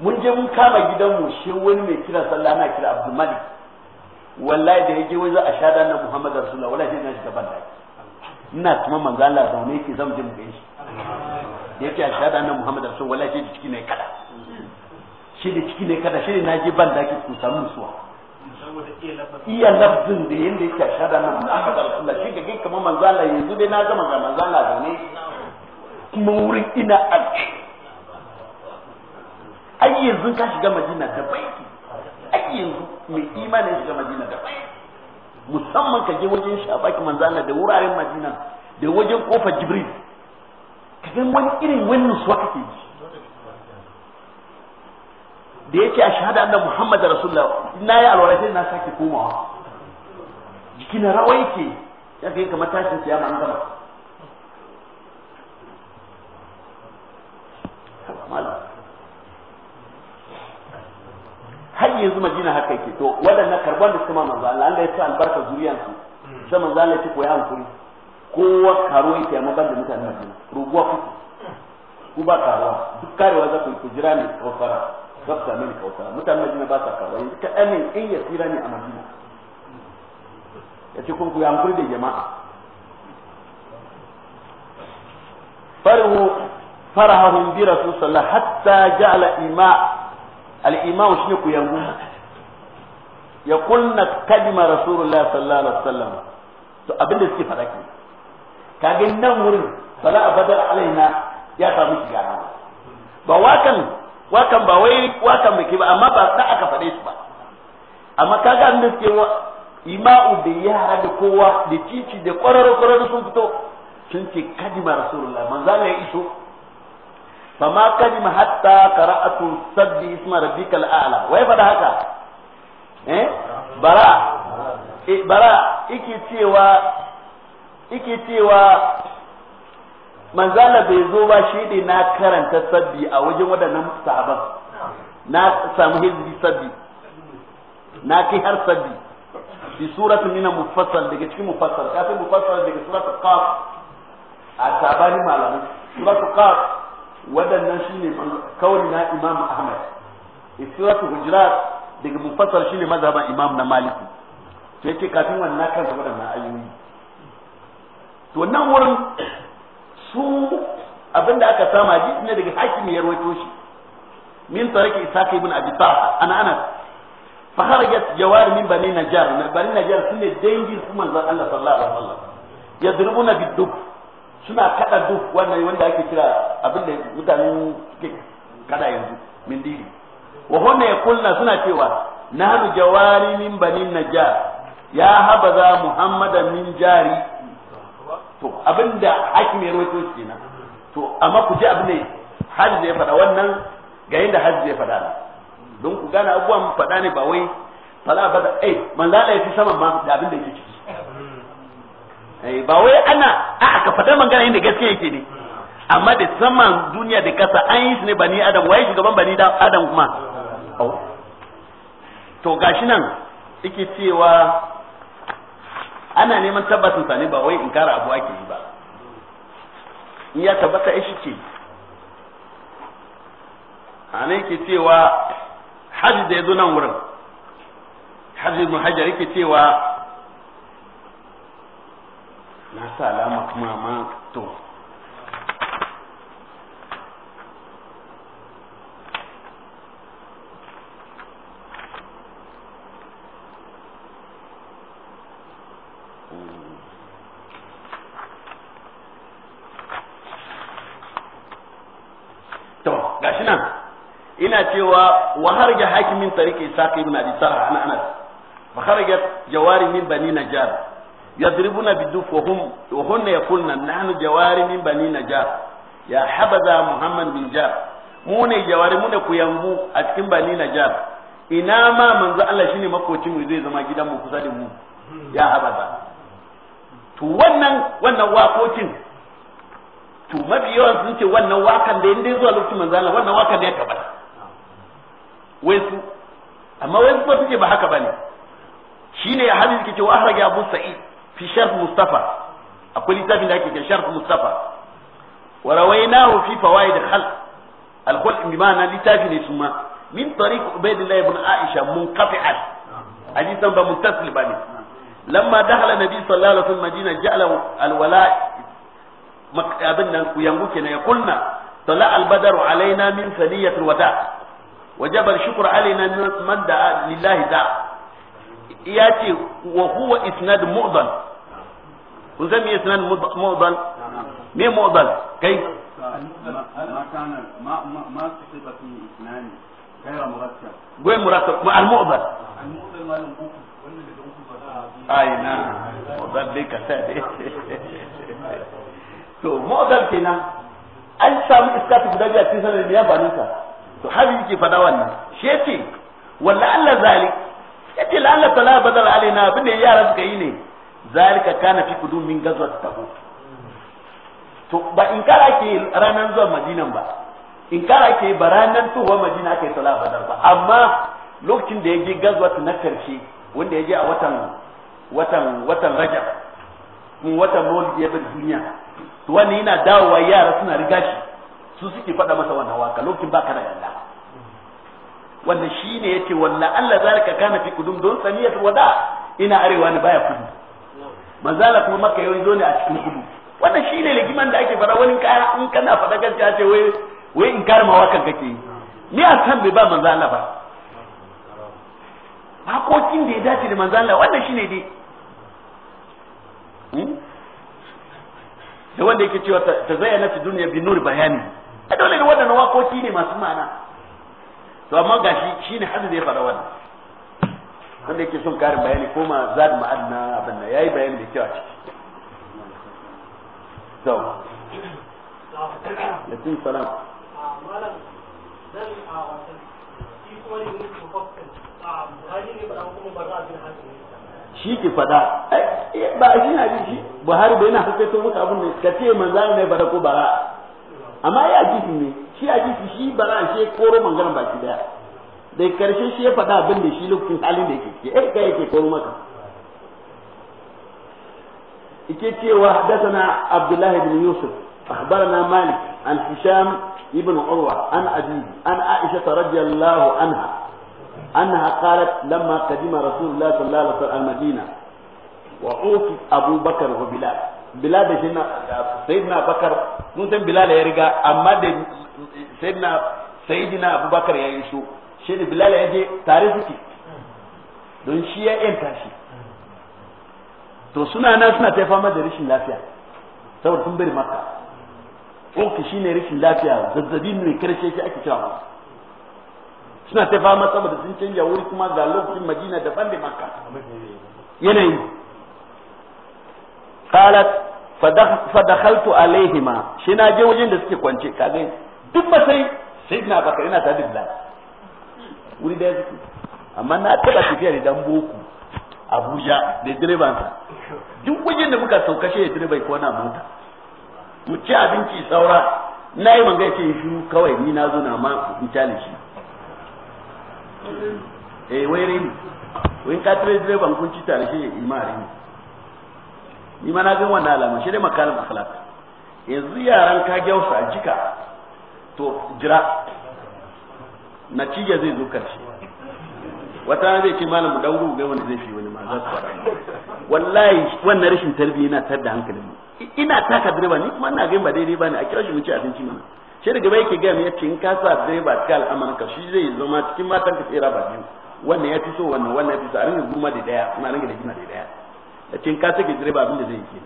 mun je mun kama gidan shi wani mai kira sallah na kira abdul malik wallahi da yake wajen a shada na muhammad rasulullah wallahi sai na shiga ban daki ina kuma manzo Allah zaune yake zan je mu gan da da yake a shada na muhammad rasulullah wallahi sai ciki ne kada shi da ciki ne kada shi ne na je ban daki ku samu suwa saboda iya lafzin da yanda yake shada nan aka da Allah shi ga gai kamar manzo yanzu dai na gama ga manzo Allah da ne kuma wurin ina alƙi ai yanzu ka shiga Madina da baiki ai yanzu mai imani shiga Madina da baiki musamman ka je wajen shafaki manzo Allah da wuraren Madina da wajen kofar Jibril kaga wani irin wannan su kake ji da yake a shahada annabi Muhammad Rasulullah na yi alwala sai na sake komawa jiki na rawa yake ya kai kamar tashin ya an gama har yanzu Madina haka yake to waɗannan karban da suka ma manzo Allah Allah ya sa albarka zuriyansu sai manzo Allah ya ci koyan kuri kowa karo yake amma ban da mutanen Madina ruguwa kuku ku ba karuwa duk karewa za ku yi ku jira ne kawai za su same ni kauta mutanen Madina ba sa kawai yanzu ka ɗanin in ya tsira ne a Madina ya ce kuma ku yankuri da jama'a farhu farahahum bi rasul sallallahu hatta ja'ala ima al-imam shine ku yangu ya kunna kalima rasulullah sallallahu alaihi wasallam to abinda suke faɗa ke kage nan wurin sala abada alaina ya samu shiga ba wakan wakan ba wai wakan muke ba amma ba da aka faɗe su ba amma kaga an da suke ima'u da yara da kowa da cici da kwararo kwararo sun fito sun ce kadima rasulullah manza ne iso ma kadima hatta qara'atu sabbi isma rabbikal a'la wai da haka eh bara eh, bara ike cewa ike cewa manzala bai zo ba shi ne na karanta sabbi a wajen waɗannan sahabban na samu hizbi sabbi na kai har sabbi bi suratun nina mufassal daga cikin mufassal ka sai mufassal daga suratul qaf a sabani malamin suratul qaf waɗannan shine kauli na imam ahmad suratul hujurat daga mufassal shine mazhaban imam na maliki to yake kafin wannan karanta waɗannan ayoyi to nan wurin su abin da aka sama hadisi ne daga hakimi ya rawaito shi min tariki isaq ibn abi talha ana ana fa kharajat jawar min bani najjar min bani najjar ne dangin su manzon Allah sallallahu alaihi wasallam ya yadrubuna biduk suna kada duk wannan wanda ake kira abin da mutanen suke kada yanzu min diri wa hunna yaqulna suna cewa nahnu jawari min bani najjar ya habaza muhammadan min jari to abinda hakim ya rawaito kenan to amma ku ji abin ne hajji da ya faɗa wannan ga yadda hajji ya faɗa na don ku gane abubuwan faɗa ne ba wai fala ba da ai eh, manzo Allah ya fi saman ma da abin da yake ciki eh ba wai ana a ka faɗa magana inda gaskiya yake ne amma da saman duniya da kasa an yi su ne bani adam waye shugaban bani adam kuma to gashi nan yake cewa ana neman tabbatin sa ne ba wai in kara abu ake yi ba in ya tabbata shi ce ana yake cewa hajji da ya zo nan wurin hajji mu hajjar yake cewa na sa alama kuma ma to to gashi nan ina cewa wa harja hakimin tariki isaq ibn abi sarh ana anas fa kharaja jawari min bani najar yadribuna bidduf wa hum wa hunna yaqulna nahnu jawari min bani najar ya habaza muhammad bin jar mu ne jawari mu ne kuyangu a cikin bani najar ina ma manzo Allah shine makocin mu zai zama gidan mu kusa da mu ya habaza to wannan wannan wakocin. to mafi yawan sun ce wannan wakan da inda zuwa lokacin manzo Allah wannan wakan da ya tabbata wai su amma wai su suke ba haka bane shine hadisi ke cewa ahraja Abu Sa'id fi sharh Mustafa akwai littafin da ake kira sharh Mustafa wa rawainahu fi fawaid al-khalq al-khalq bi ma'ana littafin ne suma min tariq Ubaydillah ibn Aisha munqati'an hadisan ba muttasil bane lamma dakhala nabi sallallahu alaihi wasallam madina ja'ala al-wala' abin nan ku yangu kenan ya kulna tala albadaru alaina min saniyatul wada wajaba shukr alaina man da lillahi da ya ce wa huwa isnad mu'dal kun san me isnad mu'dal me mu'dal kai ما كان ما ما ما كتب في اسناني غير مرتب غير مرتب المؤذن المؤذن ما له اي نعم وذلك سابق to modal kenan an samu iska ta guda biya cikin sanar da ya bani ta to har yake fada wannan shi yace walla Allah zalik yace la Allah tala badal alaina abin da yara suka yi ne zalika kana fi kudum min gazwat tabuk to ba in kara ke ranan zuwa madinan ba in kara ke ba ranan tuwa madina kai yi tala badal ba amma lokacin da ya je gazwat na karshe wanda ya je a watan watan watan rajab mun watan mawlid ya bar duniya to wannan yana dawowa yara suna riga shi su suke faɗa masa wannan waka lokacin ba kana yalla wannan shine yake walla Allah zalika kana fi kudum don saniyatul wada ina arewa ne baya kudu manzala kuma maka yau zo ne a cikin kudu wannan shine ligiman da ake fara wani kaya in kana faɗa gaskiya ce wai wai in karma wakan kake ni a san bai ba manzala ba hakokin da ya dace da manzala wannan shine dai hmm? da wanda yake cewa ta zayyana fi duniya bi nur bayani a dole ne waɗannan wakoki ne masu ma'ana to amma gashi shine hadin da ya fara wannan wanda yake son karin bayani ko ma zad ma'ad na abin nan yayi bayani da kyau a ciki to lakin salam malam dan a ah, wasan shi kuma ne mutum a ah, Buhari ne ba kuma ba za a bin hadin shi ke fada eh, ba shi na ji shi buhari bai na to muka abin da ka ce manzo ne bara ko bara amma ya ji ne shi ya ji shi bara shi koro mangaran baki daya da karshe shi ya fada abin da shi lokacin halin da yake ke eh kai yake koro maka yake cewa hadathana abdullah ibn yusuf اخبرنا مالك عن هشام ابن عروه عن ابيه عن عائشه رضي الله عنها أنها قالت لما قدم رسول الله صلى الله عليه وسلم المدينة وعوف أبو بكر وبلال بلال جنا سيدنا بكر نسم بلال يرجع أما سيدنا سيدنا أبو بكر يعيشو شيء بلال يجي تاريخي don shi ya yanta shi to suna nan suna ta fama da rashin lafiya saboda sun bari maka uku shine rashin lafiya zazzabi mai karshe shi ake cewa suna ta fama saboda sun canja wuri kuma ga lokacin madina daban da makka yanayi qalat fadakhaltu alaihima shi na je wajen da suke kwance kage duk ba sai sayyidina baka ina ta dilla wuri da yake amma na taba tafiya da dan boku abuja da direban sa duk wajen da muka sauka shi direbai ko na mota mu ci abinci saura na yi manga ce shi kawai ni na zo na ma in shi eh wai rini wai ka tare direban kunci ci tare shi ima rini ni ma na ga wannan alama shi dai makarin akhlaq yanzu yaran ka gyausa jika to jira Na natija zai zo karshe wata zai ce malam mu dauro ga wanda zai fi wani ma za su fara wallahi wannan rashin tarbiyya yana tar da hankalin ina taka direba ni kuma ina ga ba daidai ba ne a kira shi mu ci abinci mana shi da, gaba yake gami ya ce in ka sa direba cikin al'amarka shi zai zama cikin matan ka tsira ba biyu wannan ya fi so wannan wannan ya fi so a ringa guma da daya na ringa da gina da daya ya ce in ka sake direba abin da zai yi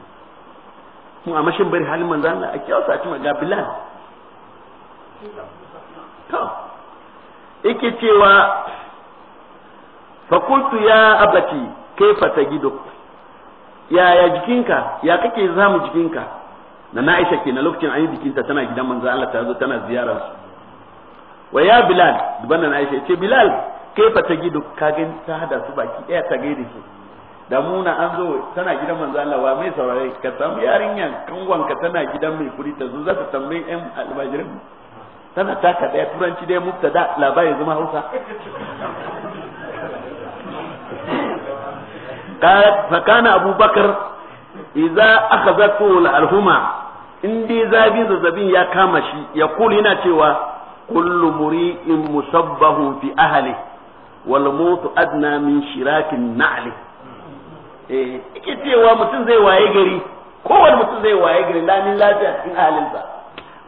mu a mashin bari halin manzan a kyau sa cima ga bilan to cewa fakultu ya abati kaifa tagidu ya ya jikinka ya kake zamu jikinka na na'isha ke na lokacin an yi ta tana gidan manzo Allah ta zo tana ziyarar su wa ya bilal duban na aisha ce bilal kai fa ta gido ka ga ta hada su baki daya ta gaida shi da mu na an zo tana gidan manzo Allah wa mai saurare ka samu yarinya kangon ka tana gidan mai kuri ta zo za ta tambayi ɗan almajirin tana taka daya turanci daya mubtada labari zama hausa فكان أبو بكر إذا أخذته alhuma. in dai zafin zazzabin ya kama shi ya kula yana cewa kullu muri'in musabbahu fi ahli wal mutu adna min shirakin na'li eh yake cewa mutum zai waye gari kowane mutum zai waye gari lamin lafiya cikin halinsa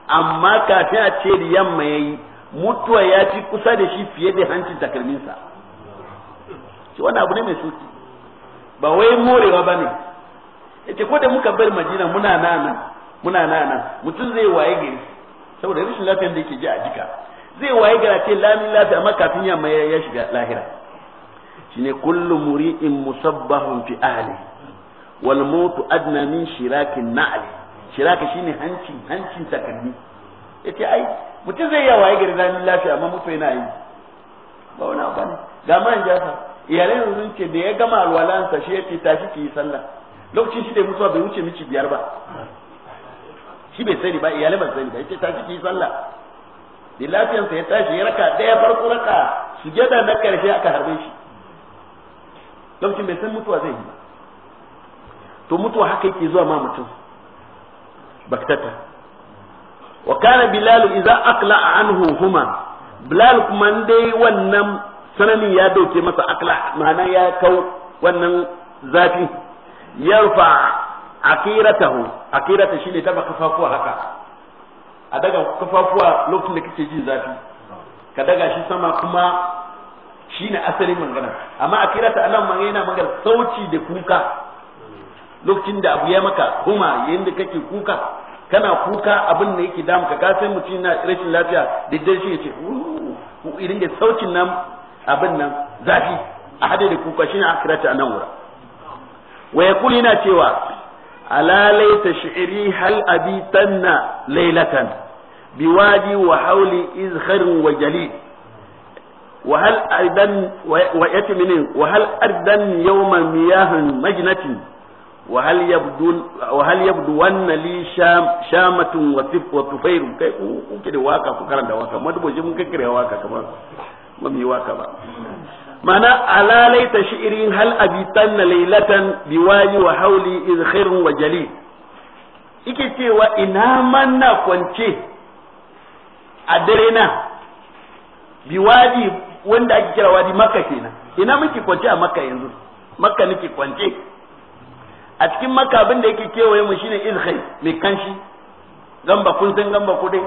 amma kafin a ce da yamma yayi mutuwa ya ci kusa da shi fiye da hancin takalminsa shi wannan abu ne mai suki ba wai morewa ba ne yace ko da muka bar madina muna nan muna na nan mutum zai waye gari saboda rashin lafiyar da yake ji a jika zai waye gari ce lamin lafiya amma kafin yamma ya shiga lahira shine kullu muri'in musabbahun fi ahli wal mautu adna min shirakin na'li shiraka shine hancin hancin takalmi yace ai mutum zai yawa ya gari lamin lafiya amma mutu yana yi ba wani abu ne ga man jasa iyalai sun ce da ya gama alwalansa shi yace tashi ki yi sallah lokacin shi da mutuwa bai wuce miki biyar ba shi bai sani ba iyalai ban sani ba yace ta ki sallah da lafiyansa ya tashi ya raka daya farko raka da na karshe aka harbe shi lokacin bai san mutuwa zai yi ba to mutuwa haka yake zuwa ma mutum baktata wa kana bilal idza aqla anhu huma bilal kuma dai wannan sanani ya dauke masa aqla ma'ana ya kau wannan zafi yarfa akiratahu akirata shine taba kafafuwa haka a daga kafafuwa lokacin da kake jin zafi ka daga shi sama kuma shine asalin magana amma akirata Allah magana yana magana sauci da kuka lokacin da abu ya maka kuma yanda kake kuka kana kuka abin da yake damu ka san mutum na rashin lafiya da dan shi yace irin da saucin nan abin nan zafi a hade da kuka shine akirata anan wura wa yaqulu na cewa ألا ليت شعري هل أبيتن ليلة بوادي وحولي إزخر وجليل وهل أردن ويتمنين وهل أردن يوما مياه مجنة وهل يبدو وهل يبدو أن لي شام شامة وطف وطفير كده واقع فكرة واقع ما تبغى جم كده واقع كمان ما مي واقع mana alalaita shi'irin hal abitan na lailatan biwayi wa hauli iz khairun wa jali ike cewa ina manna kwance a dare na biwadi wanda ake kira wadi makka kenan ina muke kwance a makka yanzu makka nake kwance a cikin makka abin da yake kewaye mu shine iz khair mai kanshi gamba kun san gamba ku dai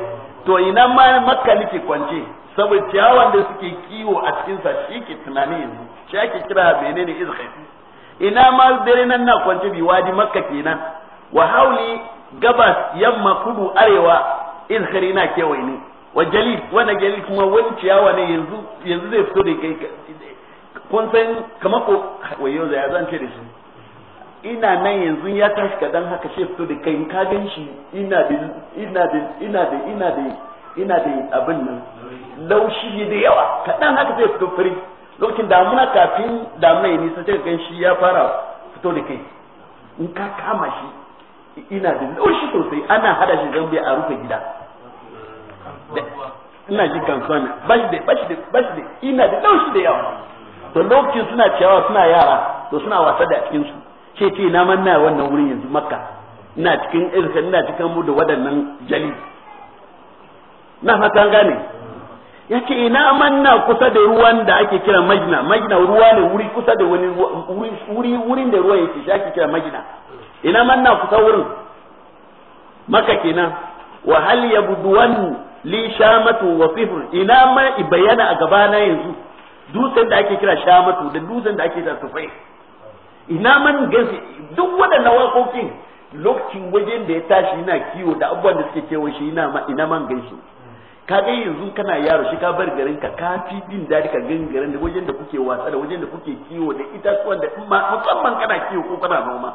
to ina ma makka nake kwance saboda ciyawan da suke kiwo a cikin sa shi ke tunani yanzu shi ake kira menene izkhif ina ma dare nan na kwance bi wadi makka kenan wa hauli gabas yamma kudu arewa izkhiri na kewaye ne wa jalil wanda jalil kuma wani ciyawa ne yanzu yanzu zai fito da kai kun san kamar ko wayo da ya zance da shi ina nan yanzu ya tashi ka dan haka shi fito da kai ka gan shi ina da ina da ina da ina da ina da abin nan laushi da yawa ka dan haka sai fito fari lokacin damuna kafin damuna ya nisa sai gan shi ya fara fito da kai in ka kama shi ina da laushi sosai ana hada shi zambe a rufe gida ina ji kansuwa ne bashi da bashi da bashi da ina da laushi da yawa to lokacin suna ciyawa suna yara to suna wasa da cikin su ce ce na manna wannan wurin yanzu makka ina cikin irka ina cikin mu da waɗannan jali na fata gane ya ce ina manna kusa da ruwan da ake kira majina majina ruwa ne wuri kusa da wani wuri wurin da ruwa yake shi ake kira majina ina manna kusa wurin maka kenan wa hal yabduwan li shamatu wa sifr ina ma bayana a gabana yanzu dutsen da ake kira shamatu da dutsen da ake kira sufai ina man gazi duk waɗannan waƙoƙin lokacin wajen da ya tashi yana kiwo da abubuwan da suke kewa shi ina man gaishe ka ga yanzu kana yaro shi ka bar garin ka ka fi jin daɗi ka gan garin da wajen da kuke wasa da wajen da kuke kiwo da itatuwan da musamman kana kiwo ko kana noma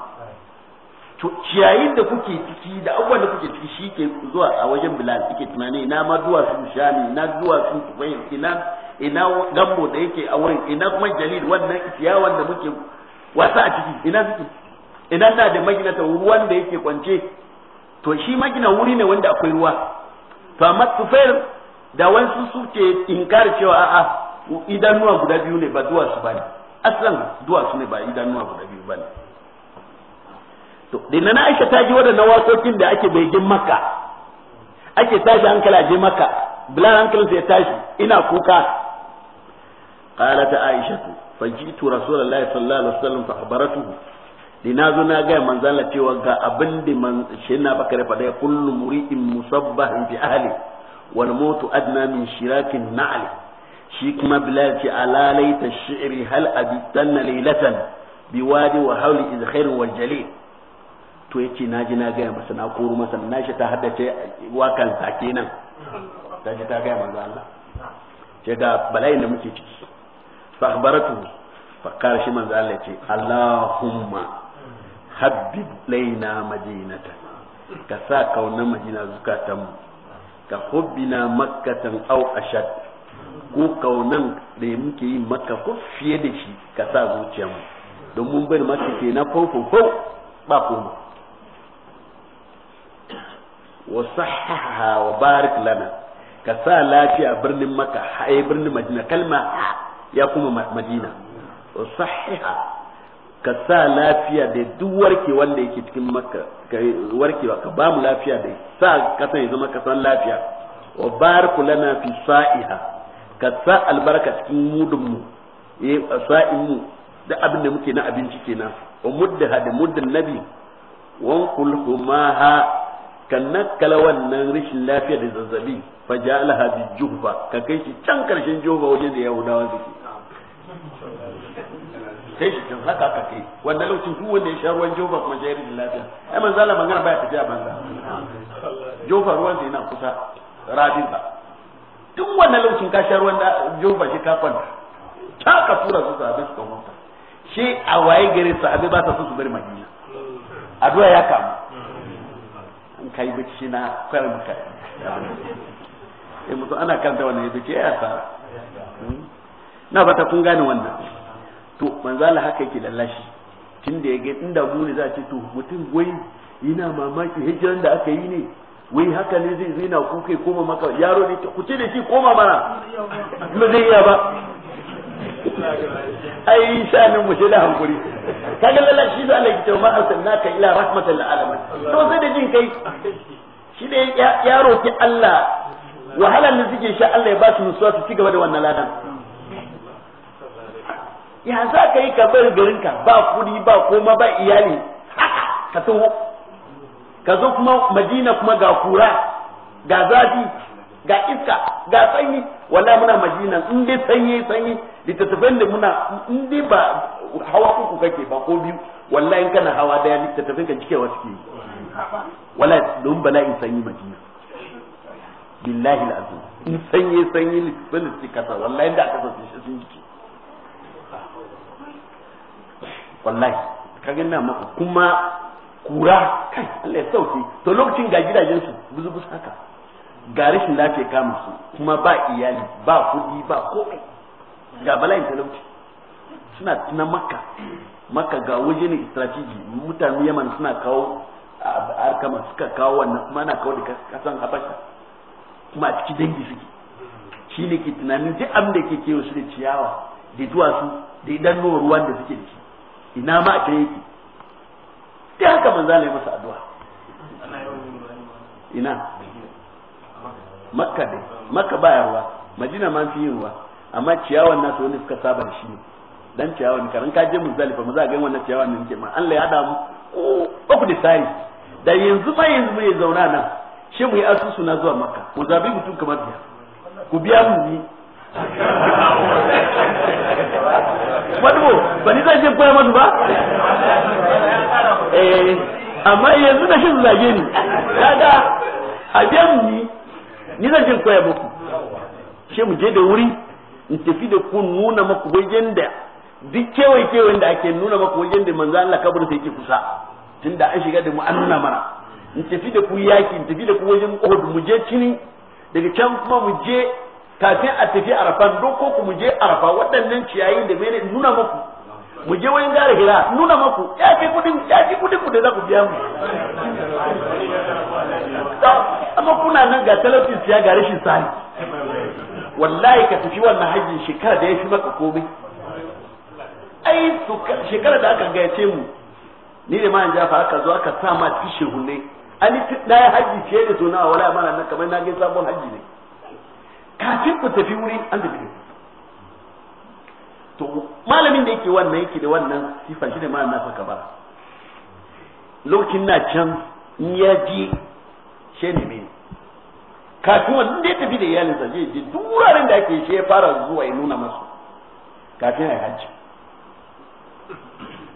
to ciyayin da kuke ciki da abubuwan da kuke ciki shi ke zuwa a wajen bilal kike tunani ina ma zuwa su shani ina zuwa su kubayin ina ina gambo da yake a wurin ina kuma jalil wannan ciyawan da muke wasa a ciki ina suke ina na da maginata ruwan da yake kwance to shi magina wuri ne wanda akwai ruwa to amma tufair da wasu suke inkar cewa a'a idanuwa guda biyu ne ba su ba ne aslan su ne ba idanuwa guda biyu ba ne to dinna na aisha ta ji waɗannan wasokin da ake begin maka ake tashi hankali a je maka bilal hankalinsa ya tashi ina kuka قالت عائشة fajitu rasulullahi sallallahu alaihi wasallam fa abaratuhu dina zo na ga manzon Allah cewa ga abin da man shina bakare fa da kullu muri'in musabbahin bi ahli wal mautu adna min shirakin na'li shi kuma bilal ce ala laita shi'ri hal abitanna laylatan biwadi wa hawli iz khairu wal jalil to yace na ji na gaya masa na koro masa na shi ta haddace wakan sa nan ta ji ta gaya manzo Allah ce ga bala'in da muke ciki فأخبرته فقال شما ذلك اللهم حبب لينا مدينة كسا كونا مدينة زكاتم كحبنا مكة أو ashad ko kaunan da muke yi maka ko fiye da shi ka sa zuciyarmu don mun bari maka ke na fanfofo ba koma wa sahaha wa barik lana ka sa lafiya birnin maka haye birnin madina kalma ya kuma madina sahiha ka sa lafiya da duk warke wanda yake cikin makka warkewa ka ba mu lafiya da sa kasan ya zama kasan lafiya wa barku lana fi sa'iha ka sa albarka cikin mudun mu eh sa'in mu da abin da muke na abinci kenan wa muddaha da muddan nabi wa kulhumaha kan nakala wannan rashin lafiya da zazzabi fa ja'alaha bi juhfa ka kai shi can karshen juhfa waje da yahudawa suke sai shi can haka ka kai wanda lokacin duk wanda ya sha ruwan juhfa kuma ya rashin lafiya ai manzo Allah magana baya tafiya banza juhfa ruwan da yana kusa rabin ba duk wannan lokacin ka sha ruwan juhfa shi ka kwanta ta ka tura su sahabbai suka mutu shi a waye gare sahabbai ba ta so su bari madina addu'a ya kama in kai bacci na kwarar ka sai eh, mutum ana karanta wannan ya bacci ya fara hmm? na fata kun gane wannan to manzo Allah haka yake lallashi tunda ya ga inda ne za ce to mutum wai yana mamaki hijiran da aka yi ne wai haka ne zai zina na kai koma maka yaro ne ku ce da shi koma mana ba zai iya ba ai sha nan mu da hankuri kaga lalar shi da Allah ya ce ma ka ila rahmatan lil alamin to sai da jin kai shi ne ya roki Allah wahalan da suke sha Allah ya ba su nutsuwa su ci gaba da wannan ladan ya za ka yi ka bar garinka ba kudi ba koma ba iyali ka taho ka zo kuma madina kuma ga kura ga zafi ga iska ga sanyi wallahi muna madina in dai sanyi sanyi littattafan da muna in dai ba hawa uku kake ba ko biyu wallahi in kana hawa daya littattafan kan cikewa suke wallahi don bala'in sanyi madina billahi alazim in sanyi sanyi littattafan suke kasa wallahi da aka sace shi sun jike wallahi kaga ina maka kuma kura kai Allah ya sauke to lokacin ga gidajen su buzu buzu haka garishin da ke kama su kuma ba iyali ba kudi ba komai ga bala'in talauci suna tuna makka makka ga waje ne strategy mutanen yaman suna kawo arkama suka kawo wannan kuma ana kawo da kasan habasha kuma a ciki dangi suke shi ne ke tunanin duk abin da ke kewa su da ciyawa da su da idan nuna ruwan da suke da shi ina ma a yake duk haka manzana ya masa addu'a ina makka dai makka baya ruwa madina ma fi yin ruwa amma ciyawan nasu wani suka saba da shi ne dan ciyawan karan ka je muzdalifa mu za ga wannan ciyawan ne muke ma Allah ya hada mu ko ku da sai da yanzu ma yanzu mai zauna nan shi mu yi asusu na zuwa makka mu zabi mutum kamar biya ku biya mu ni wadbo ba ni zan je koya masu ba eh amma yanzu da shi zage ni kaga a biya mu ni ni zan jin koya muku shi mu je da wuri in tafi da ku nuna muku wajen da duk kewaye kewayen da ake nuna muku wajen da manzo Allah kabarin sai yake kusa tunda an shiga da mu an nuna mana in tafi da ku yaki in tafi da ku wajen Uhud mu je cini daga can kuma mu je kafin a tafi Arafa doko ku mu je Arafa waɗannan ciyayi da mene nuna muku mu je wajen gara gira nuna maku ya fi kudin ya fi kudin ku da za ku biya mu amma kuna nan ga talauci siya ga rashin sani wallahi ka tafi wannan hajji shekara da ya fi maka komai ai shekara da aka gayyace mu ni da man jafa aka zo aka sa ma cikin shehunne an yi ɗaya hajji fiye da zonawa wala mana nan kamar na ga sabon hajji ne kafin ku tafi wuri an tafi to malamin da yake wannan yake da wannan sifan shine malamin nasa kabara lokacin na can in ya je she ne me kafin wanda ya tafi da iyalin sa je duk wuraren da ake shi ya fara zuwa ya nuna masu kafin a yi hajji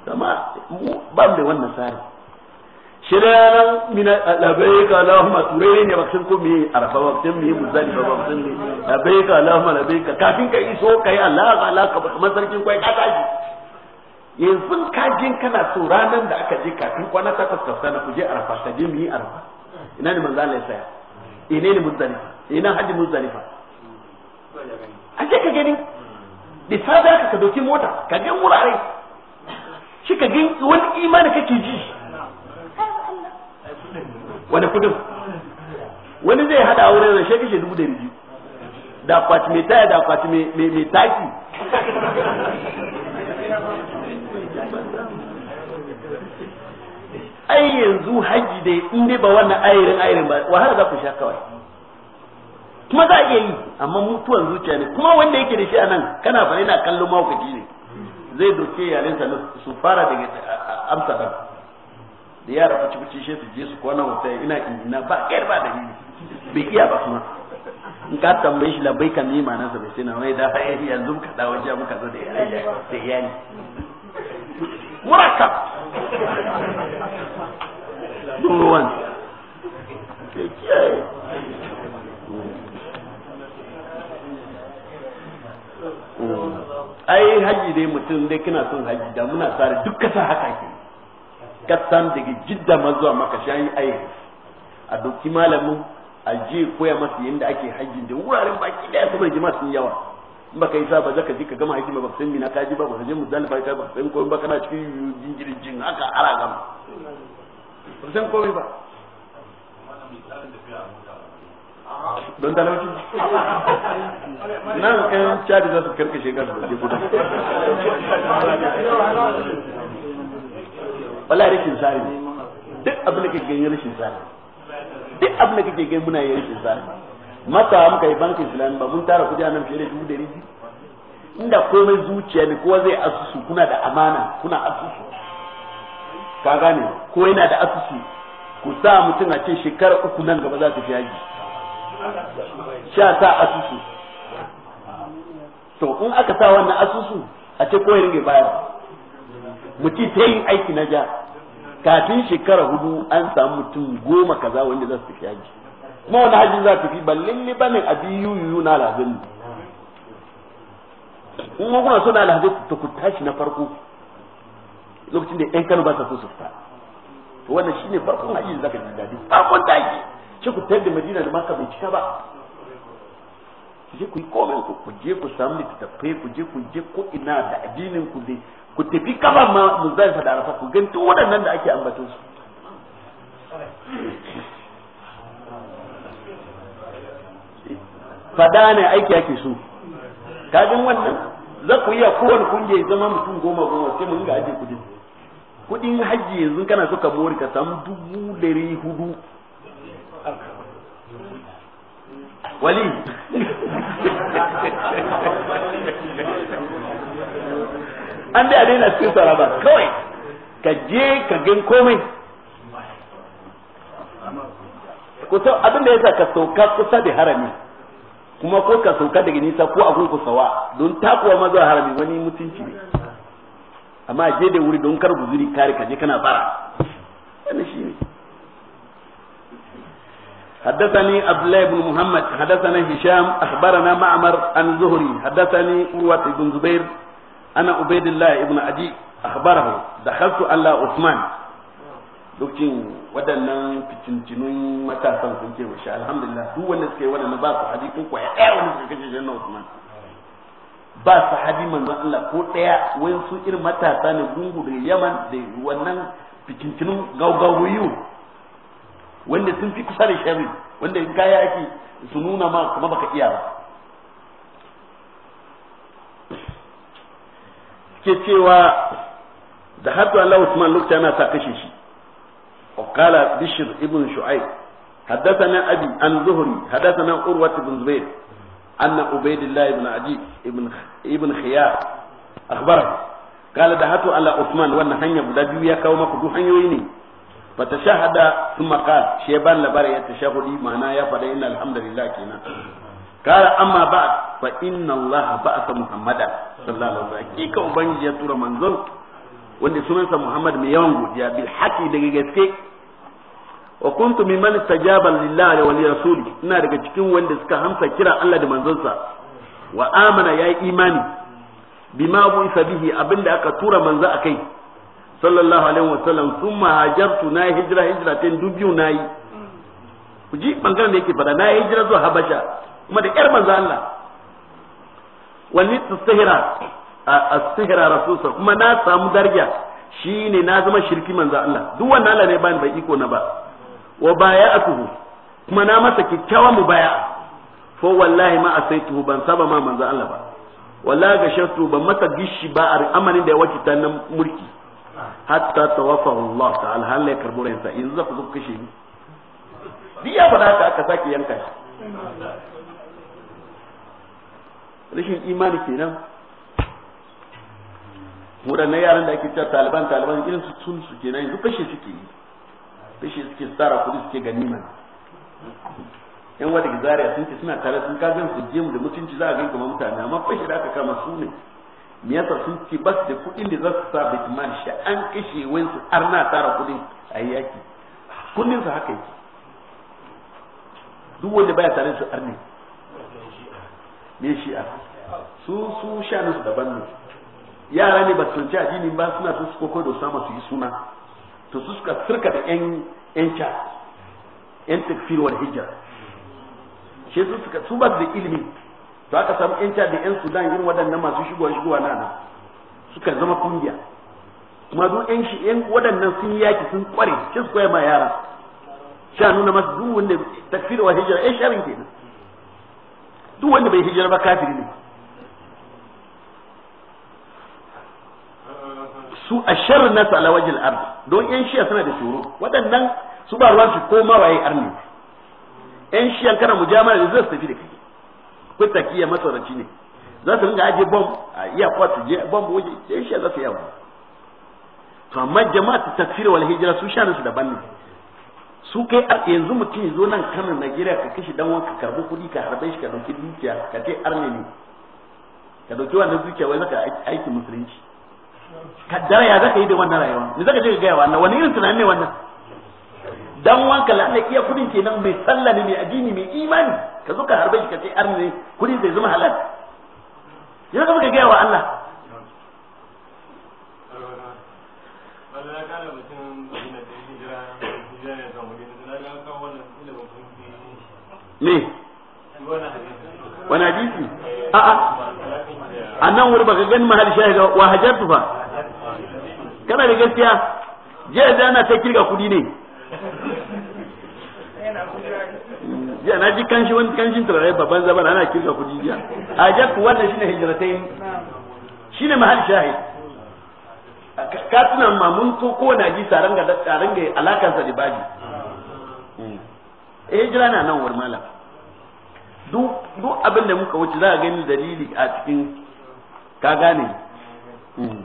zama ba da wannan tsari shi da yanan mina labaika Allahumma turai ne baksin ko me arafa baksin me ba baksin ne labaika Allahumma labaika kafin ka iso kai Allah ka Allah ka kamar sarkin kai ka tashi yanzu kajin kana so da aka je kafin kwana ta ka na kuje arfa, arafa ta je mu yi ina ne manzo Allah ya saya ina ne muzali ina haji muzali fa? aje ka gani da sada ka ka doki mota ka ga wurare shi ka gani wani imani kake ji wani kudin wani zai hada wurin da shi kashe dubu da biyu da kwati mai taya da kwati mai taki ai yanzu haji dai in dai ba wannan ayirin ayirin ba wahala za ku sha kawai kuma za a iya yi amma mutuwan zuciya ne kuma wanda yake da shi a nan kana fara yana kallon mawukaci ne zai doke yarensa su fara daga amsa da yara fuci cikin shi su je su kona wata ina ina ba kai ba da bai iya ba kuma in ka tambaye shi labai kan ni mana sa bai sai na mai da (laughs) yanzu ka da waje muka zo da iyali da ya murakkab number one mm. ai haji dai mutum dai kina son haji da muna sare duk kasa haka ke kasan daga jidda ma zuwa maka shayi ayi a doki malamin a je koya masa yadda ake hajjin da wuraren baki daya saboda jama'a sun yawa in baka yi saba zaka ji ka gama hajji ba baka san mina ka ji ba san mu zalfa ka ba san ko baka kana cikin jingirin jin haka ara gama ba san komai ba don talauci nan kan chat da su karkashe kansu da gudu wala rashin tsari ne duk abin da kake ganin rashin tsari duk abin da kake ganin muna yin rashin tsari mata muka yi bankin islami ba mun tara kudi a nan fiye da dubu dari inda komai zuciya ne kowa zai asusu kuna da amana kuna asusu ka gane ko yana da asusu ku sa mutum a ce shekara uku nan gaba za ta fi haji sha sa asusu to in aka sa wannan asusu a ce ko ringe bayar mutum ta yi aiki na ja kafin shekara hudu an samu mutum goma kaza wanda za su tafi haji kuma wani hajji za tafi ba lalle ba a biyu yuyu na alhazin in kuna so na alhazin ta ku tashi na farko lokacin da yan kano ba sa so su fita to wannan shine farkon haji da zaka ji dadi farkon tashi shi ku tayar da madina da maka bai cika ba je ku yi komai ku je ku samu littattafai ku je ku je ko ina da addinin ku dai ku tafi kaba ma muzdalifa da arafa ku ganto waɗannan da ake ambaton su fada ne aiki ake so kajin wannan za ku iya kowane kungiya zama mutum goma goma sai mun ga aje kudin kudin hajji yanzu kana so ka mori ka samu dubu dari hudu wali (laughs) an da daina cikin saraba kawai ka je ka gan komai kusa abin da yasa ka sauka kusa da harami kuma ko ka sauka daga nisa ko abun ku sawa don takuwa ma zuwa harami wani mutunci ne amma je da wuri don kar guzuri kare ka je kana bara wannan shi ne حدثني عبد الله بن محمد حدثنا هشام اخبرنا معمر عن زهري حدثني عروه بن زبير ana ubaidillah ibn adi akhbarahu dakhaltu دخلت usman lokacin لكن ودنا في sun ce wa وشاء الحمد لله هو ودنا ba su hadi ko kwaya ɗaya na ba su hadi manzon Allah ko daya wani su irin matasa ne gungu da yaman da wannan fitintinun gaugawiyu wanda sun fi kusa da sharri wanda in kaya ake su nuna ma kuma baka iya ba ke cewa da hadu Allah Usman lokacin ana ta kashe shi وقال بشر ابن شعيب حدثنا أبي عن زهري حدثنا أروة بن زبير أن عبيد الله بن عجيب ابن ابن خيار أخبره قال دهت على عثمان وأن هنيا بلا بيا كوما كدو ني فتشهد ثم قال شيبان لبر يتشهدي معنا يا فدا ان الحمد لله كنا قال أما بعد فإن الله بعث محمدا sallallahu alaihi wasallam hakika ubangiji ya tura manzon wanda sunansa Muhammad mai yawan godiya bil haqi daga gaske wa kuntu mimman tajaba lillahi wa rasuli ina daga cikin wanda suka hamsa kira Allah da manzonsa wa amana yayi imani bima bu bihi abinda aka tura manzo akai sallallahu alaihi wasallam thumma hajartu na hijra hijratin dubiyu nayi ku ji bangaren da yake fada na hijira zuwa habasha kuma da yar manzo Allah wani sihira a sihira rasulsa kuma na samu darja shine na zama shirki manzo Allah duk wannan Allah ne bani bai iko na ba wa baya tuhu kuma na masa mu baya fa wallahi ma asaituhu ban saba ma manzo Allah ba wallahi shartu ban masa gishi ba a amarin da ya wakita na mulki hatta tawaffahu Allah ta'ala halla ya karbo yanzu za ku kashe ni biya ba da aka sake yanka rashin imani kenan waɗannan yaran da ake cewa taliban taliban irin su tun su ke nan duk fashe suke yi fashe suke tsara kudi suke gani mana yan wata gizariya sun ce suna tare sun ka su je mu da mutunci za a gan kamar mutane amma fashe da aka kama su ne me yasa sun ce ba su da kuɗin da za su sa bai kuma shi an kashe wani har na tara kuɗin a yi yaki kullum su haka yake duk wanda baya tare su arne ne shi a su su sha nasu daban ne yara ne ba su ci addini ba suna su su koko da sama su yi suna to su suka sirka da yan yan cha yan takfir wal hijra shi su suka su ba da ilimi to aka samu yan cha da yan sudan irin waɗannan masu shigowa shigowa na nan suka zama kungiya kuma duk yan shi yan waɗannan sun yaki sun kware shi su koya ma yara sha nuna masu duk wanda takfir wal hijra ai sharin kenan duk wanda bai hijira ba kafiri ne su a na sala salawajin ard don yan shiya suna da shuru waɗannan su ba ruwan su koma waye arni yan shiyan kana mujamala da zai tafi da kai ko takiya masauraci ne za su ringa aje bom a iya kwatu je bom waje yan shiya za su yawa to amma jama'a ta tafsir wal hijira su shanin su daban ne su kai yanzu mutum zo nan kano najeriya ka kashe dan wanka karbi kuɗi ka harbe shi ka dauki dukiya ka kai arne ne ka dauki wannan dukiya wai zaka aiki musulunci ka dara ya zaka yi da wannan rayuwa me zaka je ka gaya wannan wani irin tunani ne wannan dan wanka la ne iya kudin kenan mai sallah ne mai addini mai imani ka zo ka harbe shi ka kai arne ne zai zama halal yanzu ka gaya wa Allah me wani hadisi a'a a nan wuri baka gani mahal shahida wa hajartu fa kana da gaskiya jiya da na ta kirga kudi ne jiya na ji kanshi wani kanshin turare babban zabar ana kirga kudi jiya hajartu wannan shine hijratain shine mahal shi ka tuna ma mun to ko na ji saranga saranga alakansa da baji eh, jira na nan wurin malam duk abin da muka wuce za a gani dalili a cikin ka gane mm.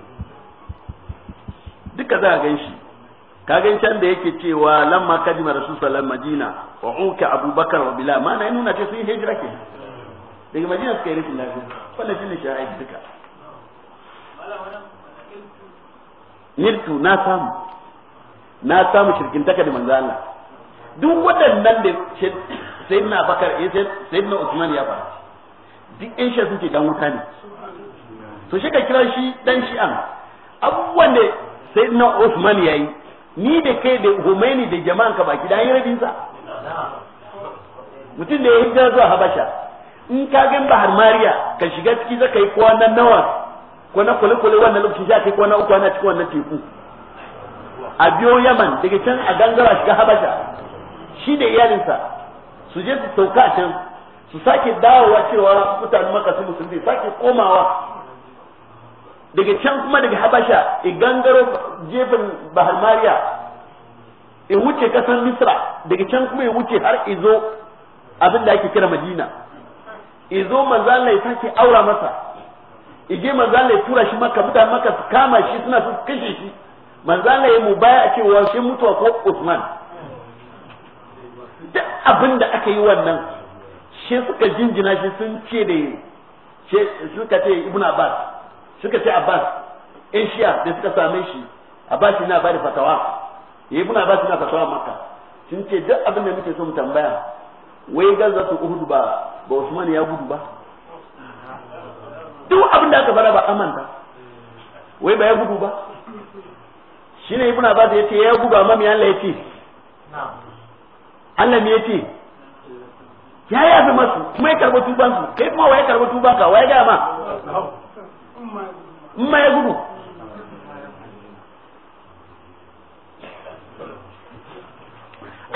duka za a gan shi ka gan can da yake cewa lamma kadima rasul sallallahu madina wa uka abubakar wa bila ma na nuna ce sun hijira ke daga madina suka yi rikin lafiya wannan shine shahidi duka nirtu na samu na samu shirkin taka da manzo Allah duk waɗannan da sayyidina bakar ya sayyidina usman ya fara duk yan shi suke dan wuta ne to shi ka kira shi dan shi an abubuwan da sayyidina usman ya yi ni da kai da Humaini da jama'an ka baki da yi rabin sa mutum da ya hijira zuwa Habasha in ka gan Bahar Mariya ka shiga ciki zaka yi kwana nawa ko na kule-kule wannan lokacin za ka yi kwana uku ana cikin wannan teku a biyo Yaman daga can a gangara shiga Habasha shi da iyalinsa su je su sauka a can su sake dawowa cewa mutanen maka su musulmi sake komawa daga can kuma daga habasha i gangaro jefin bahar mariya i wuce kasar misra daga can kuma ya wuce har izo abin da ake kira madina izo manzala ya sake aura masa ije manzala ya tura shi maka mutanen maka su kama shi suna su kashe shi manzala ya mu baya cewa shi mutuwa ko usman abin da aka yi wannan shi suka jinjina shi sun ce da suka ce ibn abbas suka ce abbas in shiya da suka same shi abbas yana ba da fatawa ibn abbas yana fatawa maka sun ce duk abin da muke so mu tambaya wai gaza su uhudu ba ba usman ya gudu ba duk abin da aka fara ba amanta wai ba ya gudu ba shine ibn abbas ce ya gudu amma me Allah na'am Allah me yace ya ya zama su kuma ya karba tuban su kai kuma waye karba tuban ka waye ga ma in ma ya gudu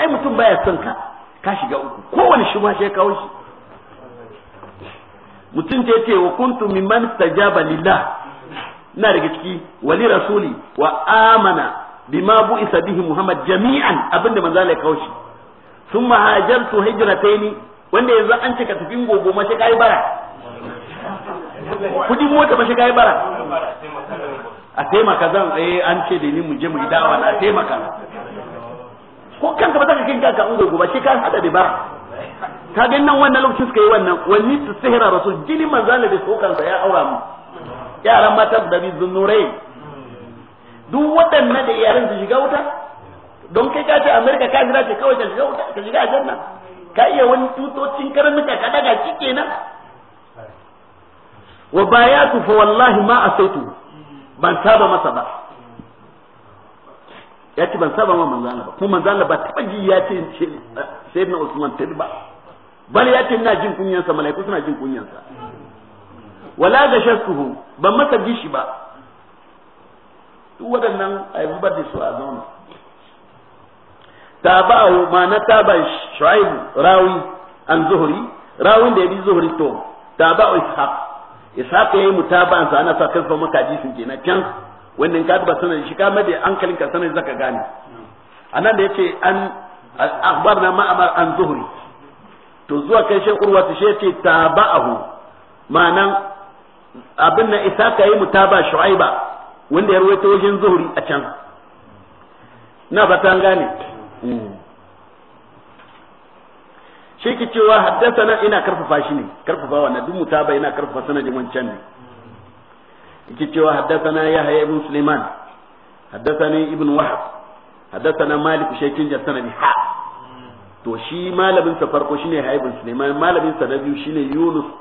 ai mutum baya son ka ka shiga uku kowane shi ma sai kawo shi mutum ce ce wa kuntu mimman tajaba lillah na daga ciki wali rasuli wa amana bima bu'isa bihi muhammad jami'an abinda manzo Allah ya kawo shi sun mahajartu hijirataini wanda yanzu an cika tafin gogo mace shi bara kudin mota mace shi bara a taimaka zan eh an ce da ni mu je mu yi dawa na taimaka ko kanka ba za ka kin kanka an gogo ba shi ka hada da bara ka ga nan wannan lokacin suka yi wannan wani su sihira rasul jini manzala da sokansa ya aura mu yaran mata da bi zunnurai duk waɗannan da iyalan su shiga wuta don kai ka ce america ka jira ce kawai ka shiga a janna ka iya wani tutocin karnuka ka daga shi kenan wa bayatu fa wallahi ma asaitu ban saba masa ba ya ce ban saba ma manzana ba kuma manzana ba taba ji ya ce sai na Usman ba bal ya ce ina jin kunyansa malaiku suna jin kunyansa wala ga shakkuhu ban masa gishi ba duk waɗannan ayyubar da su a zauna tabahu ma'ana taban shu'aib rawi an zuhri rawin da bi zuhri to tabahu ishaq ishaq yayi mutaban sa ana sa kansa maka hadisin na can wannan ka ba sanar shi ka made kalin ka sanar zaka gane anan da yace an akhbarna ma'amar an zuhri to zuwa kai shi ta shi yace tabahu ma'anan abin na ishaq yayi mutaba shu'aiba wanda ya ruwaito wajen zuhri a can na fata gane Mm. shi ke cewa haddasa na ina karfafa shi ne karfafa wannan duk mutaba ina karfafa sanadin wancan ne yake cewa haddasa na haye ibn suleiman haddasa ne ibn wahab haddasa na malik shekin jar sanadi ha to shi malamin sa farko shine haye ibn suleiman malamin sa na biyu shine yunus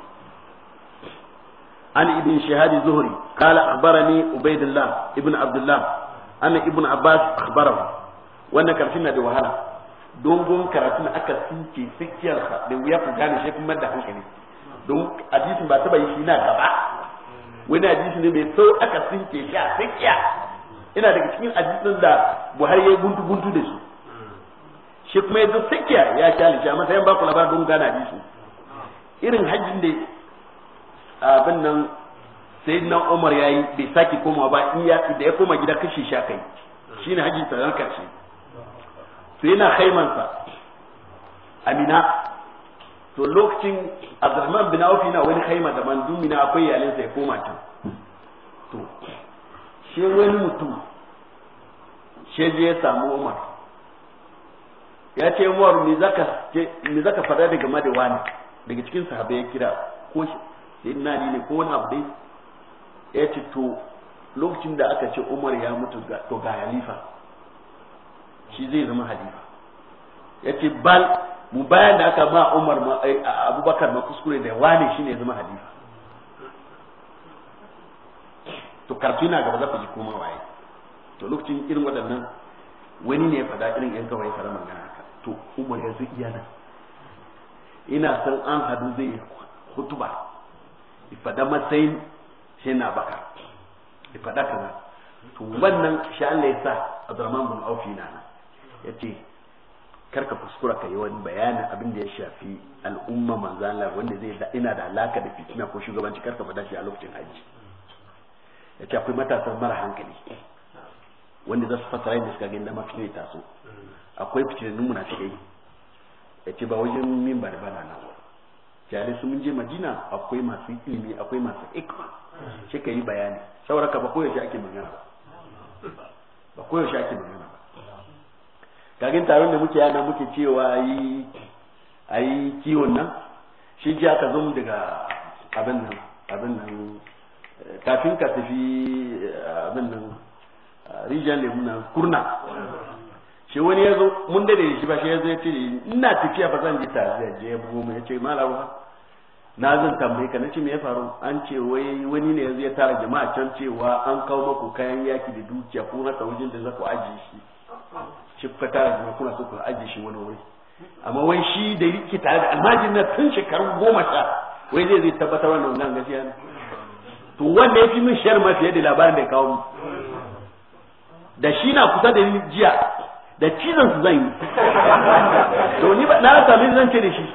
an ibn shahadi zuhri qala akhbarani ubaidullah ibn abdullah anna ibn abbas akhbarahu wannan karfin na da wahala don karatu na aka suke sikiyarsa da wuya ku gane shi kuma da hankali don hadisin ba taba yi shi na gaba wani hadisi ne mai sau aka suke shi a sikiya ina daga cikin hadisin da buhari ya yi buntu buntu da su shi kuma ya zo sikiya ya kyale shi a matsayin baku labar don gane hadisin irin hajjin da abin nan sai na umar ya yi bai sake komawa ba iya da ya koma gida kashe shi aka yi shine hajjin sa karshe to yana khaimansa, amina to lokacin abdurrahman bin auf yana wani haima da man na akwai yalinsa ya koma can to she wani mutum she je ya samu umar ya ce umar me zaka me zaka fada daga madawani daga cikin sahabbai ya kira ko sayyidina ali ne ko wani abu dai ya ce to lokacin da aka ce umar ya mutu to ga halifa shi zai zama ya ce bal mu bayan da aka ma Umar eh, Abubakar ma kuskure da wane shi ne zama halifa to karfi na gaba za ku ji koma waye to lokacin irin waɗannan wani ne ya faɗa irin yan kawai fara magana ka to Umar ya zai iya nan ina san an hadu zai yi hutuba ifada matsayin shi na baka ifada kaza to wannan shi Allah ya sa Abdurrahman bin Auf na nan ya ce karka fuskura ka yi wani bayanin abin da ya shafi al'umma manzala wanda zai da ina da alaka da fitina ko shugabanci karka fada shi a lokacin hajji ya ce akwai matasan mara hankali wanda za su fasara yadda suka gani dama fitina ta so akwai fitinannun munafikai ya ce ba wajen min ba da bana na jale su mun je madina akwai masu ilimi akwai masu ikma shi ka yi bayani sauraka ba koyaushe ake magana ba ba koyaushe ake magana kagin taron da muke yana muke cewa yi a yi kiwon nan shi ji aka zo daga abin nan abin nan eh, kafin ka tafi eh, abin nan eh, rijiyar lemu muna kurna shi wani ya zo mun dade shi ba shi ya zo ya ce ina tafiya ba zan je tafiya je ya bugo mu ya ce malam na zan tambaye ka nace me ya faru an ce wai wani ne yanzu ya tara jama'a can cewa an kawo maku kayan yaki da dukiya ko na wajen da za ku ajiye shi shi kuka kuma kuna so ajiye shi wani wuri amma wai shi da yake tare da almajin na tun shekaru goma sha wai zai zai tabbatar wannan nan gaskiya ne to wanda ya fi min shayar ma fiye da labarin da ya kawo mu da shi na kusa da ni jiya da cizon su zan yi to ni ba na sami zan ce da shi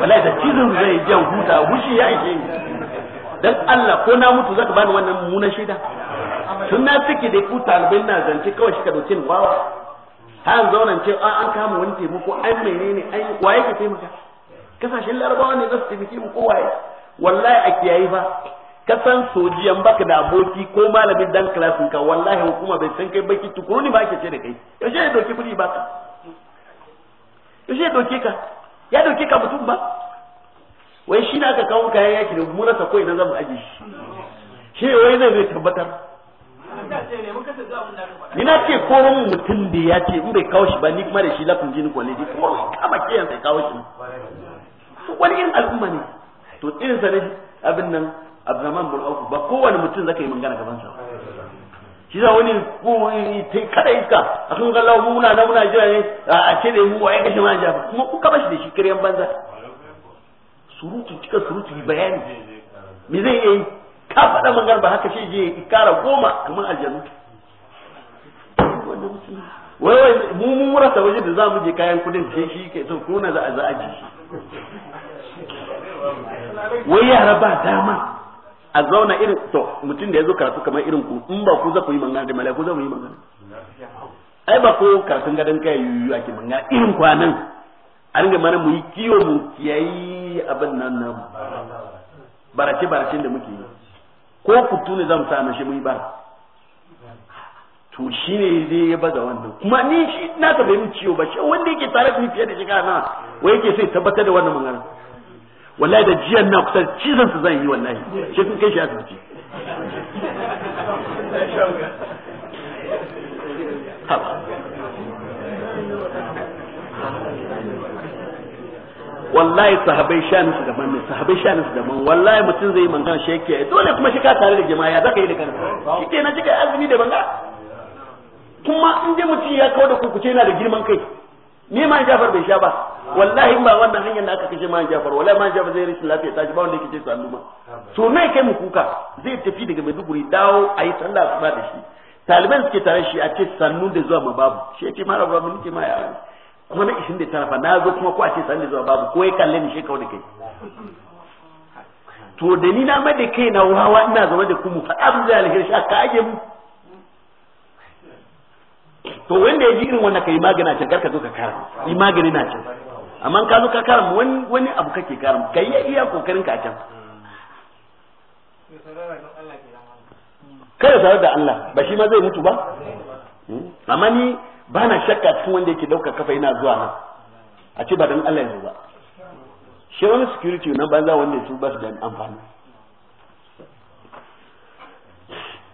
wallahi da cizon su zan yi jan huta hushi ya ishe ni dan Allah ko na mutu zaka bani wannan mummunan shaida tun na take da ku talibai na zance kawai shi ka dauke ni wawa har zaunan ce ah, an kama wani taimako an menene an waye ke taimaka kasashen larabawa ne za su taimake mu ko waye wallahi a kiyaye fa ka san sojiyan baka da aboki ko malamin dan klasin ka wallahi hukuma bai san kai baki tukuru ne ba ake ce da kai yaushe ya doke kuɗi baka yaushe ya doke ka ya doke ka mutum ba wai shi na ka kawo kayan yaki da mu rasa ko ina zamu aje shi shi wai zai zai tabbatar ni na ce koron mutum da ya ce in bai kawo shi ba ni kuma da shi lafin jini kwale ji kuma wai kama yanzu ya kawo shi wani irin al'umma ne to irin sa ne abin nan abdurrahman bin auf ba kowane mutum zaka yi mangana gaban sa shi za wani ko kada iska a sun ga lawo muna na muna jira ne a ce da mu waye kashe ma jafa kuma ku kama shi da shi kiryan banza surutu cika surutu bayani me zai yi ka faɗa magar ba haka shi je kara goma kamar aljanu wai wai mu mu rasa waje da zamu je kayan kudin sai shi ke so kuna za a za wai yara ba dama a zauna irin to mutum da ya zo karatu kamar irin ku in ba ku za ku yi mangana da ku za mu yi mangana ai ba ko karatun gadon kai yuyu ake mangana irin kwanan an ga mana mu yi kiyo mu kiyayi abin nan nan barace barace da muke yi ko kutu ne zamu sa mashi mai bara to shi ne zai ya baza wannan kuma ni shi na ka bai mun ciwo ba shi wanda yake tare da fiye da shi kana wai yake sai tabbatar da wannan magana wallahi da jiyan na kusa cizon su zan yi wallahi shi kun kai shi asibiti (laughs) haba wallahi sahabai shani su gaban ne sahabai shani su gaban wallahi mutum zai mangan shi yake dole kuma shi ka tare da jama'a ya ka yi da kanka ke na jika azumi da banga kuma in je mutum ya kawo da kukuce yana da girman kai ni ma Jafar bai sha ba wallahi ba wannan hanyar da aka kashe ma Jafar wallahi ma Jafar zai rashin lafiya tashi ba wanda yake ce salluma so me kai mu kuka zai tafi daga Maiduguri dawo ayi sallah ba da shi taliban suke tare shi a ce sannu da zuwa mababu shi yake ce ma rabu muke ma ya kuma na 29 fa na zo kuma ko a ce sanda zuwa babu ko ya kalle ni shi kawai da kai to da ni na mai da kai na wawa ina zama da kuma fa abin da alheri shi aka mu to wanda ya ji irin wannan kai magana ta karka zo ka kara ni magani na can amma ka zo ka kara wani wani abu kake kara mu kai ya iya kokarin ka a can kada da Allah ba shi ma zai mutu ba hmm? amma ni ba na shakka cikin wanda yake dauka kafa yana zuwa nan a ce ba dan Allah ne ba shi wani security na banza wanda su ba su da amfani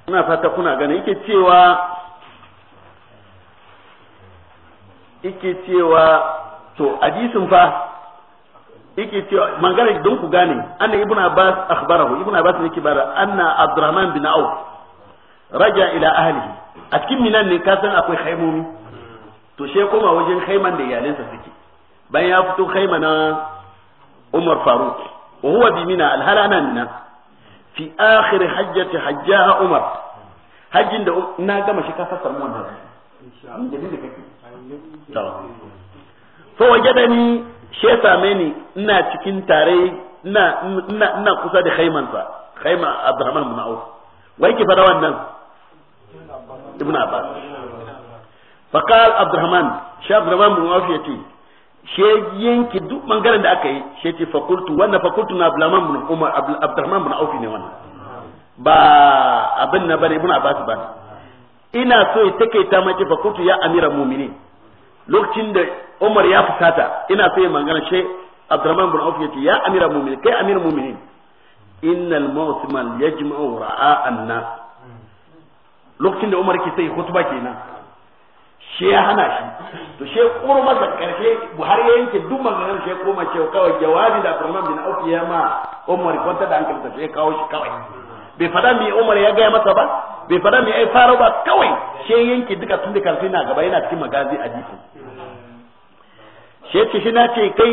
ina fata kuna gani yake cewa yake cewa to hadisin fa yake cewa mangana don ku gane anna ibnu abbas akhbarahu ibnu abbas yake bara anna abdurrahman bin auf raja ila ahlihi a cikin minan ne ka san akwai haimomi to she koma wajen haiman da iyalinsa suke bayan ya fito haima na Umar Faruk wa huwa bi mina alhalana nan fi akhir hajjati hajjaha Umar hajjin da um-, na gama shi ka fassar mu wannan fa ni she same ni ina cikin tare ina ina ina kusa da haimansa haima Abdurrahman bin Auf wai ki fara wannan Ibn Abbas fakal abdurrahman abdurrahman duk bangaren da aka yi she ce fakultu wannan na umar abdurrahman aufi ne wannan ba abin na ba ina so ta ya amira mu'minin lokacin da umar ya fusata ina so ya abdurrahman ya amira mu'minin kai mu'minin innal yajma'u nas lokacin da umar ke sai kenan shi ya hana shi to shi kuma masa karshe buhari ya yanke duk maganar shi koma ce kawai jawabi da Abdurrahman bin Auf ya ma Umar kwanta da hankalinsa she kawo shi kawai bai fada mai Umar ya gaya masa ba bai fada mai ai fara ba kawai she yanke duka tun da karfi na gaba yana cikin magazi a jikin she ce shi na ce kai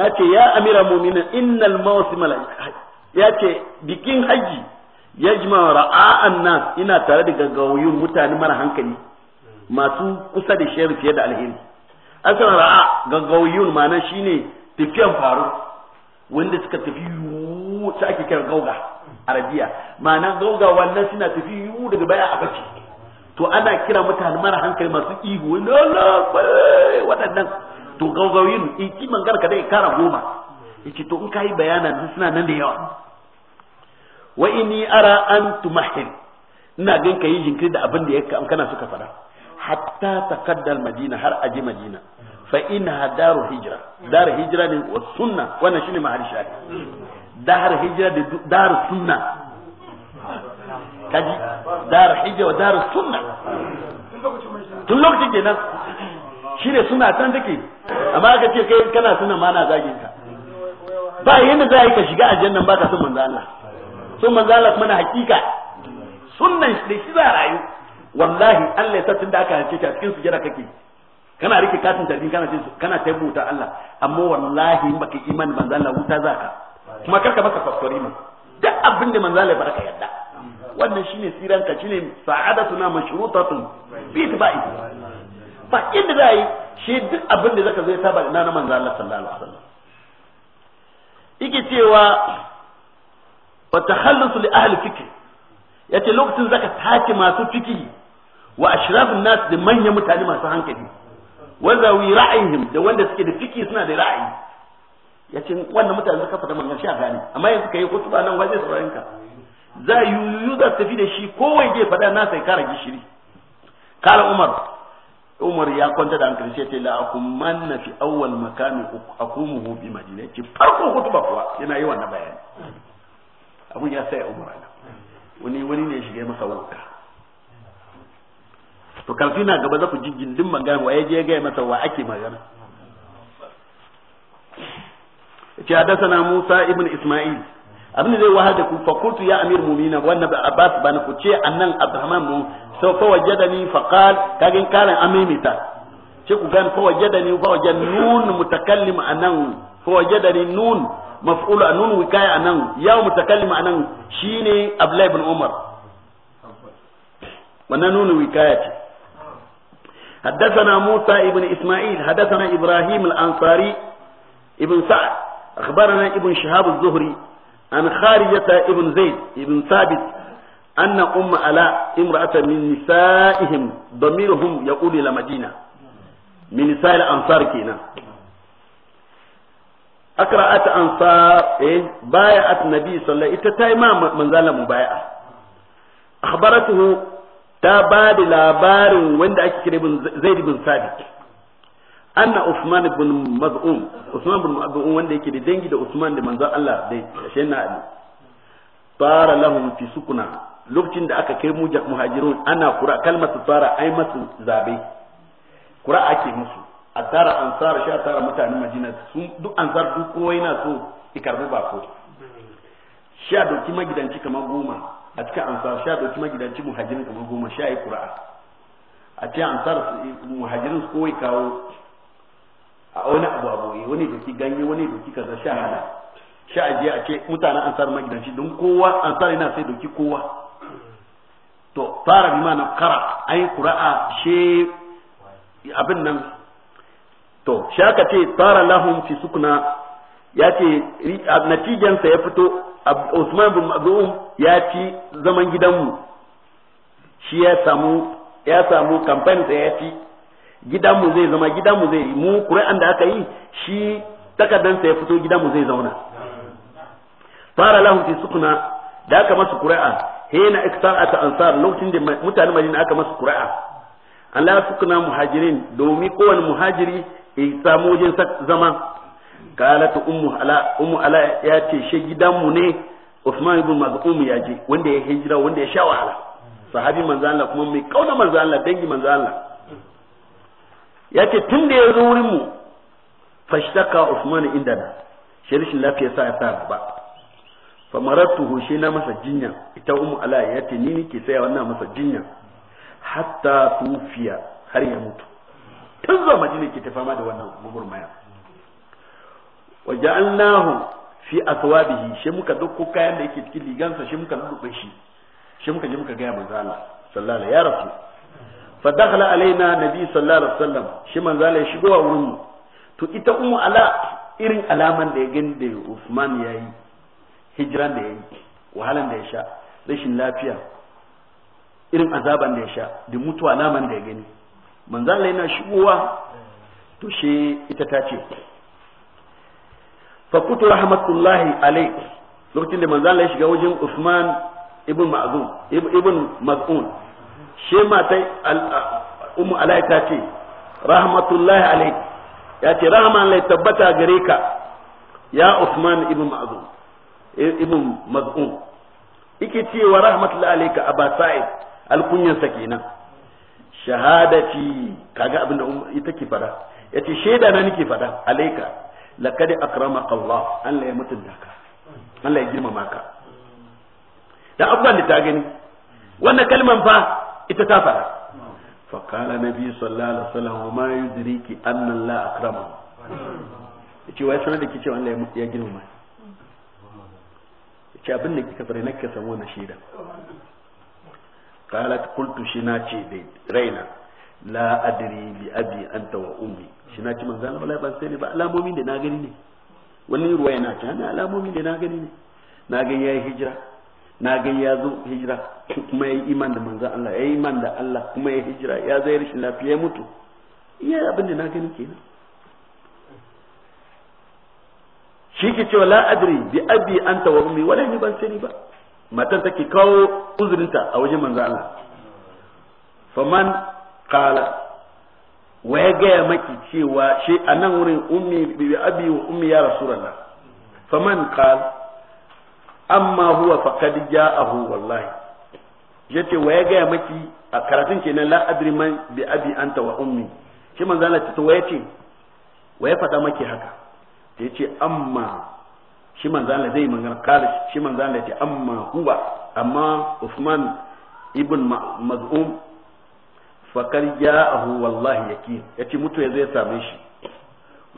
na ce ya amira mu'minin innal mawsim ya ce bikin haji yajma ra'a'an nas ina tare da gaggawoyin mutane mara hankali masu kusa da shari fiye da alheri asal ra'a gaggawiyun ma'ana shine tafiyan faru wanda suka tafi yiwu sai ake kira gauga arabiya ma'ana gauga wannan suna tafi yiwu daga baya a bace to ana kira mutane mara hankali masu ihu Allah waɗannan to gaugawin in kiman garka dai kara goma yace to in kai bayanan suna nan da yawa wa inni ara an tumahil ina gan yi jinkiri da abin da yake kana suka fara. hatta taqaddal madina har aji madina fa inna daru hijra dar hijra ne wa sunna wannan shine mahal shahi dar hijra da dar sunna kaji dar hijra wa dar sunna tun lokacin kenan shine suna tan take amma aka ce kai kana suna ma na zagin ka ba yanda za ka shiga aljannan ba ka son manzo Allah sun manzo Allah kuma na hakika sunnan shi da shi za rayu wallahi Allah ya sa tunda aka halice ka cikin sujada kake kana rike katin tarbin kana cin kana taibuta Allah amma wallahi in baka imani manzo Allah wuta zaka kuma karka maka kwaskwari mu duk abin da manzo Allah ya baraka yadda wannan shine siran ka shine sa'adatuna mashrutatun bi tibai fa inda za yi shi duk abin da zaka zo ya saba da nana manzo Allah sallallahu alaihi wasallam yake cewa wa takhallus li ahli fikr yace lokacin zaka take masu fikri wa ashrafun nas da manyan mutane masu hankali wa zawi ra'ayihim da wanda suke da fiki suna da ra'ayi yace wannan mutane suka fada manyan sha gane amma yanzu kai kutuba nan waje sauraron ka za yu da tafi da shi kowai je fada na sai kara gishiri kala umar umar ya kwanta da hankali sai ta la akum na fi awwal makami akumuhu bi madina ki farko kutuba kuwa yana yi wannan bayani abun ya sai umar wani wani ne shiga masa wuka to kafin na gaba za ku ji gindin magana wa ya je gaya masa wa ake magana ce hadasana Musa ibn Ismail abin da zai wahal da ku fa kuntu ya amir mu'mina wannan Abbas ban ku ce annan Abdurrahman mu so fa wajadani fa qal kagin kalan amimita ce ku gan fa wajadani fa wajan nun mutakallim anan fa wajadani nun maf'ul anun wikaya anan ya mutakallim anan shine Abdullah ibn Umar wannan nun wikaya ce حدثنا موسى ابن إسماعيل حدثنا إبراهيم الأنصاري ابن سعد أخبرنا ابن شهاب الزهري عن خارجة ابن زيد ابن ثابت أن أم ألاء امرأة من نسائهم ضميرهم يقول إلى مدينة من نساء الأنصار كينا أقرأت أنصار إيه بايعت النبي صلى الله عليه وسلم إتتايما من ذلك مبايعة أخبرته ta ba da labarin wanda ake kira zaid bin sabit anna usman bin maz'um usman bin maz'um wanda yake da dangi da usman da manzon Allah da shaina ali fara lahum fi sukuna lokacin da aka kai muhajirun ana kura kalmatu fara ay masu zabe kura ake musu a tara ansar sha tara mutanen madina sun duk ansar duk kowa yana so ikarbi ba ko sha doki magidanci kamar goma a cikin ansar sha dauki magidanci muhajirin kamar goma sha yi kura a cikin ansar muhajirin su kowai kawo a wani abu aboye wani doki ganye wani doki kaza sha hada sha ajiye a ce mutanen ansar magidanci don kowa ansar yana sai doki kowa to fara bima na kara a yi kura'a she abin nan to aka ce fara lahun fi sukuna ya ce natijansa ya fito Usman bin Maz'um ya ci zaman gidanmu shi ya samu ya samu kamfani ya ci gidanmu zai zama gidanmu zai mu Qur'an da aka yi shi takardan ya fito gidanmu zai zauna fara lahum fi sukuna da aka masu Qur'a hena ata ansar lokacin da mutanen Madina aka masu Qur'a Allah sukuna muhajirin domin kowane muhajiri ya samu wajen zama qalat ummu ala ummu ala ya ce shi gidanmu ne Usman ibn Maz'um ya je wanda ya hijira wanda ya sha wahala sahabi manzo Allah kuma mai kauna manzo Allah dangi manzo Allah ya tun da ya zo wurin mu fashtaka Usman indana shi rashin lafiya sa ya sa ba fa maratuhu shi na masa jinya ita ummu ala ya ni nake saya wannan masa jinya hatta tufiya har ya mutu tun zuwa madina ke tafama da wannan gugurmaya wa ja'alnahu fi aswabihi shi muka dauko kayan da yake cikin ligansa shi muka dubbe shi shi muka je muka ga manzo Allah sallallahu alaihi ya rasu fa dakhala alaina nabi sallallahu alaihi wasallam shi manzo Allah ya shigo a wurin mu to ita ummu ala irin alaman da ya gani da Usman yayi hijran da yayi wahalan da ya sha rashin lafiya irin azaban da ya sha da mutuwa alaman da ya gani manzo Allah yana shigowa to shi ita ta ce fakutu rahmatullahi alai lokacin da manzan ya shiga wajen Usman ibn Ma'zum ibn Maz'un she matai ummu alai ta ce rahmatullahi alai ya ce rahman lai tabbata gare ka ya Usman ibn Ma'zum ibn Maz'un yake cewa rahmatullahi alayka aba sa'id alkunyan sa kenan shahadati kaga abinda ita ke fada yace shaida na nake fada alayka laqad akramaka Allah Allah ya mutunta ka Allah ya girmama ka da abubuwan da ta gani wannan kalman fa ita ta fara فقال النبي صلى الله عليه وسلم وما يدريك أن الله أكرمه yace wai sanar da ke cewa Allah ya girmama yace abin da kika fara nake samu na shida qalat qultu shi na ce dai raina la adri bi abi anta wa ummi shi na ci manzo Allah wallahi sai sani ba alamomin da na gani ne wani ruwa yana ta na alamomin da na gani ne na ya yayi hijira na gani ya zo hijira kuma ya yi iman da manzo Allah yi iman da Allah kuma ya hijira ya zai rashin lafiya ya mutu iya abin da na gani kenan shi ke cewa la adri bi abi anta wa ummi wala ni ban sani ba matan take kawo uzurinta a wajen manzo Allah faman qala wa ya gaya maki cewa shi a nan wurin ummi bi abi wa ummi ya rasulullah faman qal amma huwa faqad ja'ahu wallahi yace wa ya gaya maki a karatun kenan la adri man bi abi anta wa ummi shi manzo Allah ta wa yace wa ya faɗa maki haka yace amma shi manzo Allah zai magana kala shi manzo Allah yace amma huwa amma Uthman ibn Maz'um fakar ja'ahu wallahi yakin yace mutu yazo ya same shi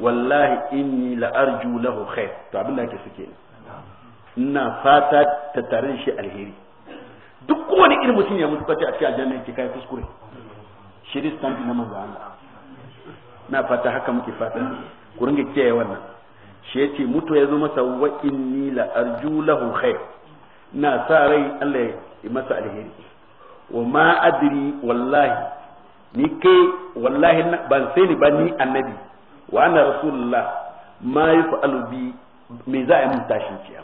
wallahi inni la arju lahu khair to abin da yake suke ina fata ta tare shi alheri duk kowane irin mutum ya mutu kace a cikin aljanna yake kai kuskure shi ristanti na manzo Allah na fata haka muke fata ku ringa kiyaye wannan shi yace mutu yazo masa wa inni la arju lahu khair na sa rai Allah ya masa alheri wa ma adri wallahi ni kai wallahi ban sai ni ba ni annabi wa ana rasulullah ma yaf'alu bi me za a yi mun tashin ciya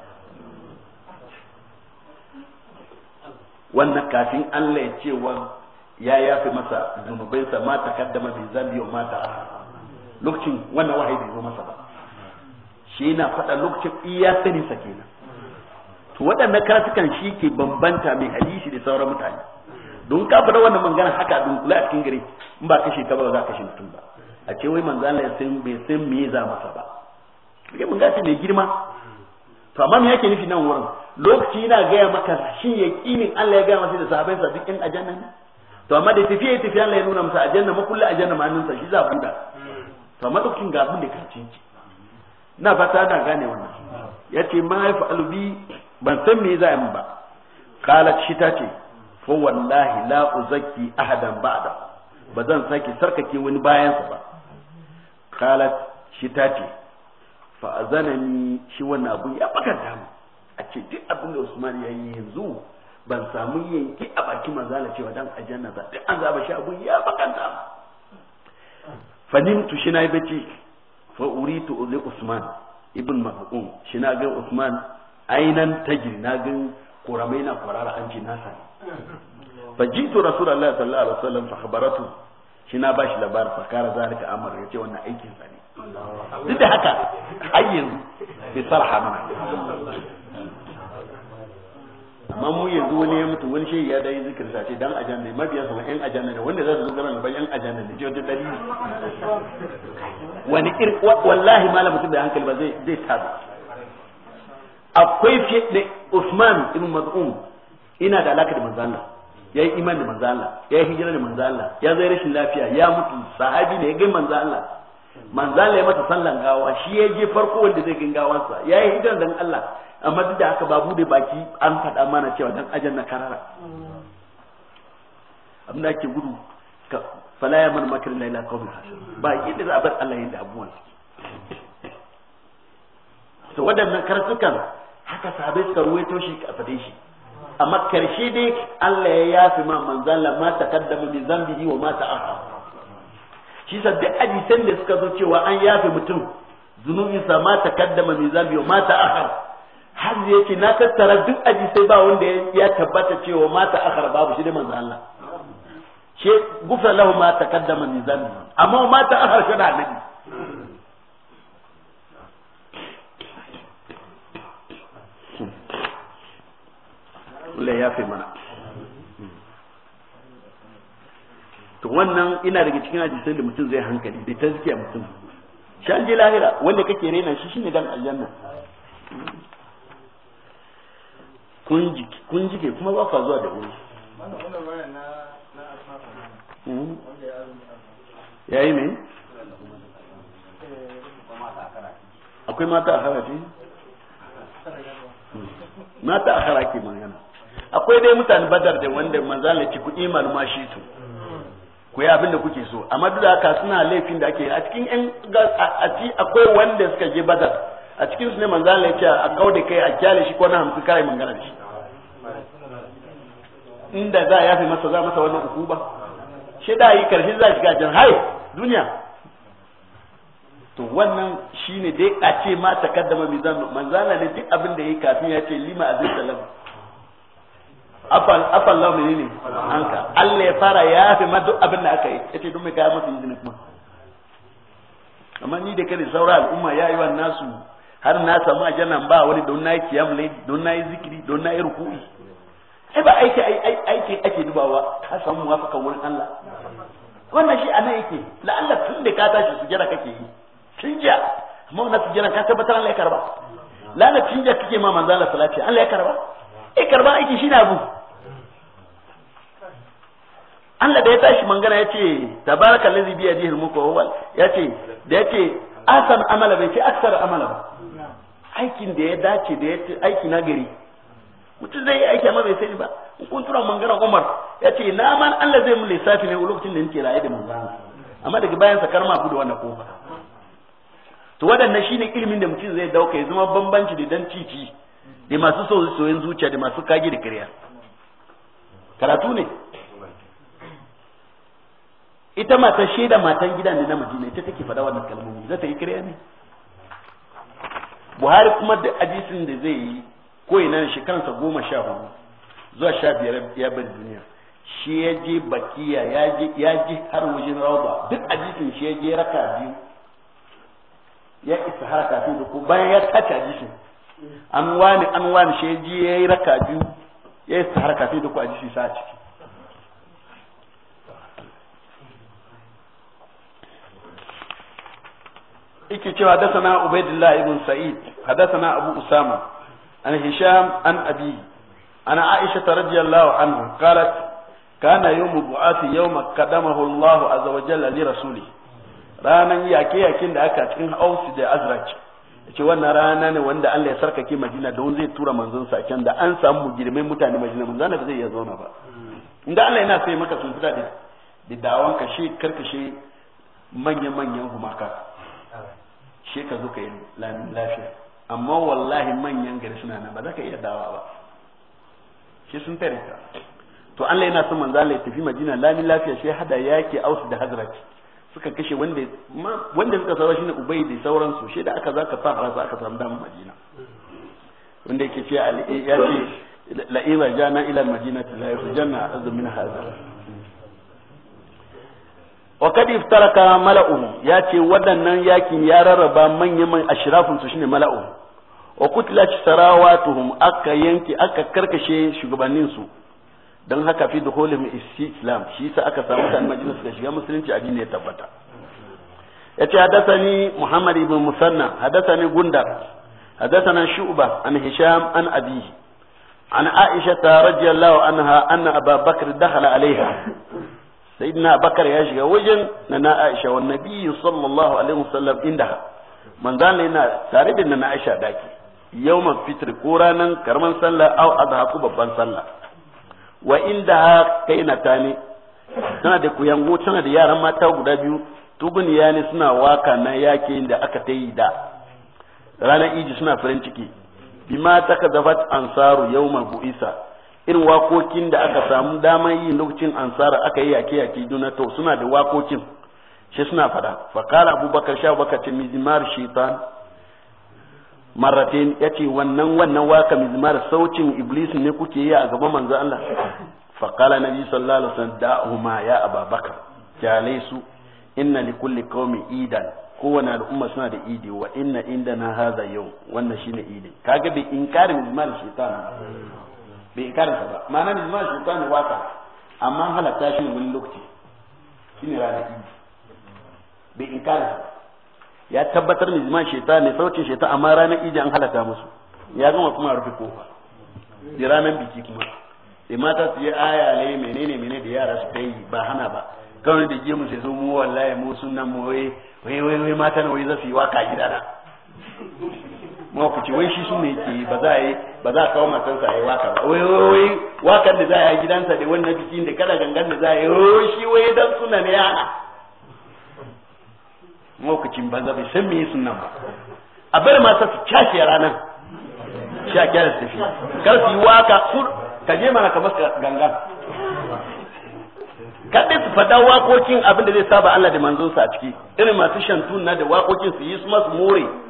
wannan kafin Allah ya ce wa ya yafi masa zunubinsa ma takaddama bi zambi wa mata lokacin wannan wahayi bai zo masa ba shi na faɗa lokacin iya sani sa kenan to waɗannan karatukan shi ke bambanta mai hadisi da sauran mutane don ka fada wannan magana haka a kula a cikin gari in ba kashe ka ba za ka kashe mutum ba a ce wai manzo Allah ya san bai san me za masa ba kake mun gashi mai girma to amma me yake nufi nan wurin lokaci ga gaya maka shin yaqinin Allah ya ga masa da sahabbai sa duk in ajanna ne to amma da tafiye tafiye Allah ya nuna masa ajanna ma kullu ajanna ma nan sa shi za buda to amma lokacin ga abin da ka cinci na fata na gane wannan yace ma ya fa'alu bi ban san me za yi ba qalat shi ta ce fa wallahi la uzakki ahadan ba'da ba zan sake sarkake wani bayansa ba qalat shi ta ce fa azanani shi wannan abu ya bakanta mu a ce duk abin da Usman ya yi yanzu ban samu yanki a baki manzala cewa dan aljanna ba duk an zaba shi abu ya bakanta mu fa nimtu shi na yi bacci fa uritu li Usman ibn Mah'um shi na ga Usman ainan tajri na ga kuramai na kwarara an ji nasa fa jitu rasulullahi sallallahu alaihi wasallam fa khabaratu shi na bashi labarin fa kara zalika amr ya ce wannan aikin sa ne duk da haka har yanzu sarha amma mu yanzu wani ya mutu wani ya dan ajanna sama ajanna ne wanda ajanna ne da akwai fiye da Usman ibn ina da alaka da manzo Allah ya yi imani da manzo Allah ya yi hijira da manzo Allah ya zai rashin lafiya ya mutu sahabi ne ya ga manzo Allah manzo Allah ya masa sallan gawa shi ya je farko wanda zai gin gawansa ya yi hijira dan Allah amma duk da haka babu da baki an faɗa mana cewa dan ajan na karara abin ake gudu ka fala ya man makar laila qawmin hasan ba yadda za a bar Allah yin da abuwan to waɗannan karatukan haka sahabai suka ruwaito shi a fade shi amma karshe dai Allah ya yafi ma manzan la ma kaddama bi zambihi wa ma ta'akhkhara shi sa duk hadisan da suka zo cewa an yafi mutum sa ma kaddama bi zambi wa ma ta'akhkhara har yake na tattara duk hadisai ba wanda ya tabbata cewa ma ta'akhkhara babu shi da manzan Allah shi gufa lahu ma kaddama bi zambi amma ma ta'akhkhara shi da nabi Allah ya yafe mana to wannan ina daga cikin hadisan da mutum zai hankali da tazkiya mutum shan je lahira wanda kake rena shi shine dan aljanna kun jike kun jike kuma ba ka zuwa da wuri hmm? yayi ne akwai mata a harafi hmm. mata a harafi magana akwai dai mutane badar da wanda manzala ci ku iman ma shi su ku yi abin da kuke so amma duk da haka suna laifin da ake a cikin yan a ci akwai wanda suka je badar a cikin su ne manzala ya ce a kauda kai a kyale shi ko na hamsin kai mangana da shi inda za a yafe masa za masa wannan hukuma shi da yi karshen za shiga jan hai duniya to wannan shine dai a ce ma takaddama mizan manzala ne duk abin da yake kafin ya ce lima azin salam afan afan law ne anka Allah ya fara ya fi madu abin da aka yi yace don me kai masa izini kuma amma ni da kare saura al'umma ya yi wa nasu har na samu ajana ba wani don nayi kiyam ne don nayi zikiri don nayi ruku'i sai ba aiki aiki ake dubawa ka samu muwafakan wurin Allah wannan shi anan yake la'alla tun da ka tashi sujjada kake yi tun jiya amma wannan sujjada ka tabbatar Allah ya karba la'alla tun jiya kake ma manzala salati Allah ya karba eh karba aiki na abu Allah da ya tashi mangana ya ce tabaraka lazi biya jihil muku wa ya ce da ya ce asan amala bai ce aksar amala ba aikin da ya dace da ya ce aiki na gari mutum zai yi aiki amma bai sani ba kun tura mangana Umar ya ce na man Allah zai mu lissafi ne lokacin da nake raye da mangana amma daga bayan sakar ma gudu wannan kofa to wadannan shine ilimin da mutum zai dauka ya zama bambanci da dan titi da masu soyayyen zuciya da masu kage da kariya karatu ne ita mata shaida matan gida ne na madina ita take faɗa wannan kalmomi za ta yi kare ne buhari kuma da ajisin da zai yi ko ina kansa goma sha hudu zuwa sha biyar ya bar duniya shi ya je bakiya ya je har wajen rauba duk ajisin shi ya je raka biyu ya isa har kafin da ko bayan ya tace ajisin an wani an wani shi ya je ya yi raka biyu ya isa har kafin da ko ajisin sa a ciki yake cewa hadathana ubaidillah ibn sa'id hadathana abu usama an hisham an abi ana aisha radhiyallahu anhu qalat kana yawm bu'ath yawm qadamahu Allah azza wa jalla li rasuli ranan yake yakin da aka cikin Aus da Azraq yace wannan rana ne wanda Allah ya sarkake Madina wanda zai tura manzon sa can da an samu mujrimai mutane Madina manzon ba zai iya zauna ba inda Allah yana sai maka sun fita da dawan kashe karkashe manya-manyan gumaka shi ka zo ka lafiya amma wallahi manyan gari suna nan ba za ka iya dawa ba shi sun fere ka to Allah yana son manzo Allah ya tafi Madina lamin lafiya shi hada yaki Aus da Hazrat suka kashe wanda wanda suka saura shine Ubay da sauransu shi da aka zaka fara za aka samu damu Madina wanda yake ce ya ce la'ima ila jana ila madinati la yujanna azmin hadha wa kad iftaraka mala'uhu ya ce waɗannan yakin ya rarraba manyan ashrafin su shine mala'u wa kutila sarawatuhum aka yanke aka karkashe shugabannin su don haka fi dukhulihim islam shi sa aka samu kan majlis suka shiga musulunci addini ya tabbata yace hadathani muhammad ibn musanna hadathani gundar hadathana shu'ba an hisham an abi an aisha radiyallahu anha anna abubakar dakhala alaiha sayyidina bakar ya shiga wajen na na aisha wa nabiyyu sallallahu alaihi wasallam inda manzan yana tare da na aisha daki yawman fitr ko ranar karman sallah au adha ku babban sallah wa inda ha kaina tani tana da kuyango tana da yaran mata guda biyu tubun yani suna waka na yake da aka ta yi da ranar iji suna farin ciki bima ta ka zafat ansaru yawmal bu'isa irin wakokin da aka samu damar yi lokacin ansara aka yi yake yake juna to suna da wakokin shi suna fada Fakala abubakar sha baka ce mizimar shaitan marratin ya ce wannan wannan waka mizimar saucin iblis ne kuke yi a gaba manzo Allah fakala bi sallallahu alaihi wasallam da'uma ya ababakar jale su inna li kulli qaumi idan kowane al'umma suna da idi wa inna na haza yau wannan shine idi kaga bi inkarin mizimar shaitan bai inkarinsa ba ma'ana ne zuwa ne waka amma halatta shi ne wani lokaci shi ne ranar idi bai inkarinsa ba ya tabbatar ne zuwa shaitan ne sautin shaitan amma ranar idi an halatta musu ya gama kuma rufe kofa da ranar biki kuma da mata su yi aya ne menene menene da yara su ta ba hana ba kawai da gemu sai zo mu wallahi mu sunan mu wai wai wai mata na wai zafi yi waka gidana kuma ku ci wai shi sun ne ke ba za yi ba za kawo matan sa yi waka ba wai wai wakan da za a yi gidansa da wannan bikin da kada gangan da za a yi wai shi wai dan suna ne yana mokacin banza bai san meye sunan ba a bar masa su cashe ranar a kyara su tafi kar su yi waka su ka je mana kamar gangan kaɗai su faɗa wakokin abin da zai saba Allah da manzonsa a ciki irin masu shantun na da wakokin su yi su masu more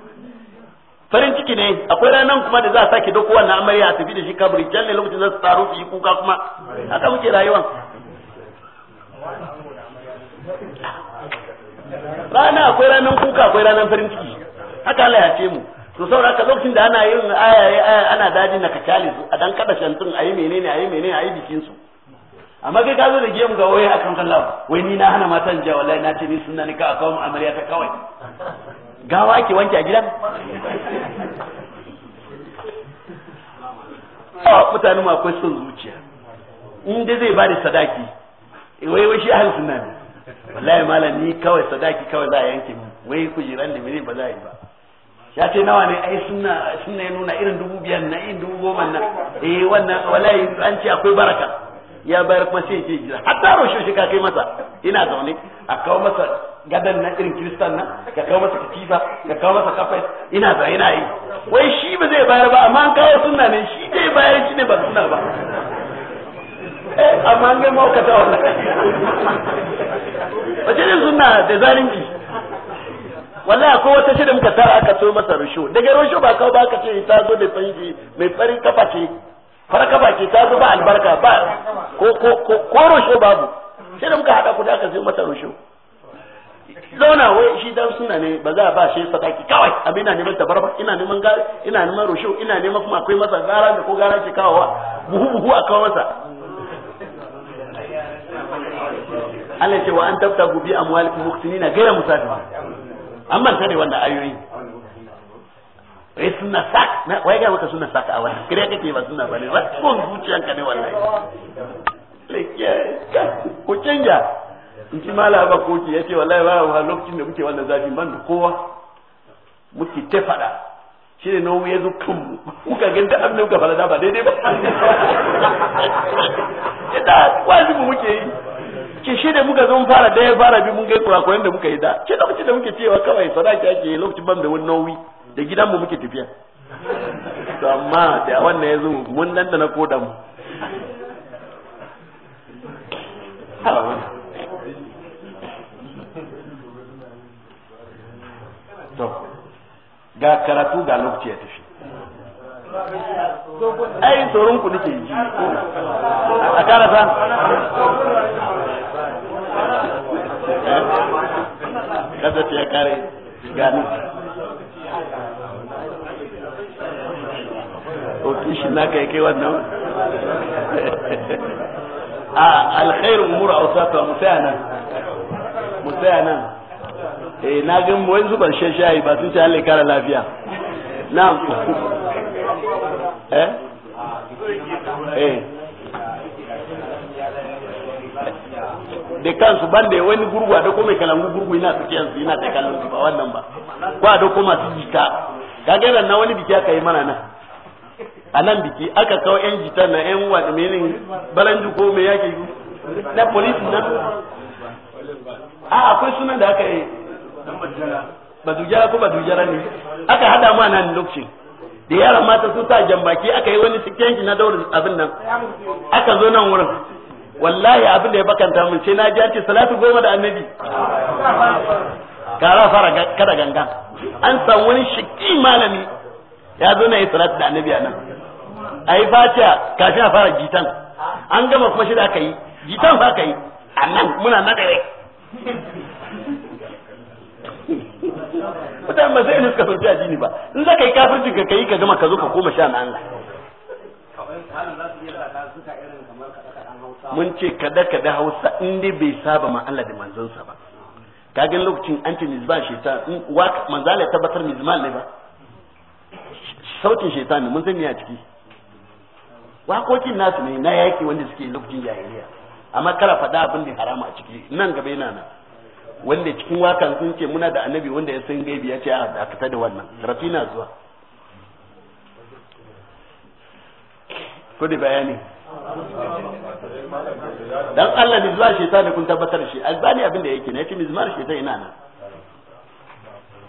farin ciki ne akwai ranar kuma da za a sake doku wannan amarya a tafi da shi kaburi can ne lokacin za su taro su yi kuka kuma haka muke rayuwa rana akwai ranar kuka akwai ranar farin ciki haka Allah ya ce mu to saboda haka lokacin da ana yin ayaye ana daji na kacali su a dan kada shantun ayi menene ayi menene ayi bikin su amma kai ka zo da gemu ga waye akan kallon wai ni na hana matan jawa wallahi na ce ni sunna ni ka kawo mu amarya ta kawai gawa ake wanke a gida? mutane ma akwai son zuciya in dai zai bada sadaki eh, wai wai shi ahal sunna ne wallahi mala ni kawai sadaki kawai za a yanke mu wai kujeran da mene ba za a yi ba ya ce nawa ne ai sunna sunna ya nuna irin dubu biyar na irin dubu goma na eh wannan wallahi an ce akwai baraka ya bayar kuma sai ya je gida hatta roshin shi ka kai masa ina zaune a kawo masa gadan na irin kiristan nan ka kawo masa katifa ka kawo masa kafet ina za ina yi wai shi ba zai bayar ba amma an kawo sunna ne shi zai bayar shi ne ba sunna ba eh amma an ga ta wannan wace ne sunna da zalunci wallahi akwai wata shirin muka tara aka so masa rusho daga rusho ba kawo ba aka ce ta zo da tsanji mai tsari kafa ce fara kafa ce ta zo ba albarka ba ko ko ko rusho babu sai da muka hada kuɗi aka so masa rusho zauna wai shi dan suna ne ba za a ba shi sadaki kawai abin ina neman tabar ba ina neman gari ina neman rushe ina neman kuma akwai masa gara da ko gara ke kawowa buhu buhu a kawo masa Allah ce wa an tabta gubi amwalikum muhsinina ghayra musafiha amma manta wanda ayoyi wai suna sak wai ga maka suna sak a wani, kire kake ba suna bane ba ko zuciyanka ne wallahi lekiya ku canja in ci mala ba koki ya wallahi ba wa lokacin da muke wannan zafi ban da kowa muke ta fada shi ne nomu ya zo kanmu muka ganda an da fara da ba daidai ba yadda mu muke yi ki shi da muka zo fara da ya fara bi mun ga kurakuren da muka yi da ki lokacin da muke cewa kawai sadaki ake lokacin ban da wani nauyi da mu muke tafiya to amma da wannan ya zo mun nan da na koda mu to ga karatu ga lokaci ya tafi ai tsoron ku nake ji a karasa kada ta kare gani ko shi na kai kai wannan (laughs) a alkhairu umur awsatuha musayana musayana eh na gan wai zuban shan shayi ba sun ce Allah kara lafiya na eh eh da kansu ban da wani gurgu a dako mai kalangu gurgu yana tsakiyar su yana ta kallon su ba wannan ba ko a dako masu jita ka ga na wani biki aka yi mana nan a nan biki aka kawo yan jita na yan wani menin balanju ko mai yake na polisi na a akwai sunan da aka yi ba dujara ko ba dujara ne aka hada mu nan lokacin da yaran mata su ta jambaki aka yi wani sikenki na daura abin nan aka zo nan wurin wallahi abin da ya bakanta mun ce na ji ce salatu goma da annabi kara fara kada ganga an san wani shiki malami ya zo na yi salatu da annabi a nan a yi fatiya kafin a fara jitan an gama kuma shi da aka yi jitan fa aka yi a nan muna na mutane ba zai ne suka sauci addini ba in za ka yi kafirci ka kai ka gama ka zo ka koma sha na Allah mun ce kada kada hausa in dai bai saba ma Allah da manzonsa ba Ka kagin lokacin an ce mizbal shaitan in wa manzala ya tabbatar mizbal ne ba sautin shaitan ne mun san a ciki wakokin nasu ne na yaƙi wanda suke lokacin jahiliya amma kara faɗa abin da harama a ciki nan gaba yana nan wanda cikin wakan sun ce muna da annabi wanda ya san gaibi ya ce a ah, dakata da wannan rafi na zuwa ko bayani dan Allah ne zuwa shaitan da kun tabbatar shi albani abin da yake ne yace mizmar shaitan ina nan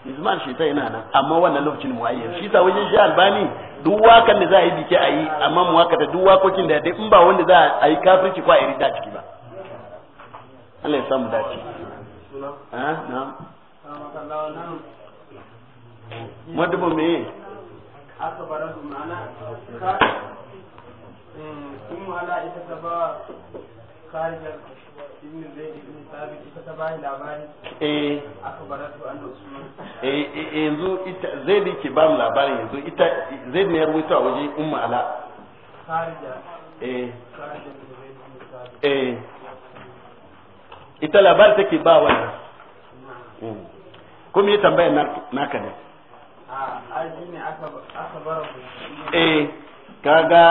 mizmar shaitan ina nan amma wannan lokacin muayyan shi ta wajen shi albani duk wakan da za a yi bike a yi amma da duk wakokin da dai in ba wanda za a yi kafirci ko a yi rida ciki ba Allah ya samu dace Hmm, eh madaba me aka bara su mana ka kun ita ta ba karijar ibn ita ke ba mu labarin yanzu ita zaid ne ya rubuta waje umma ala eh eh ita labar take ba wannan mm. kuma yi tambayar naka ne ah, eh kaga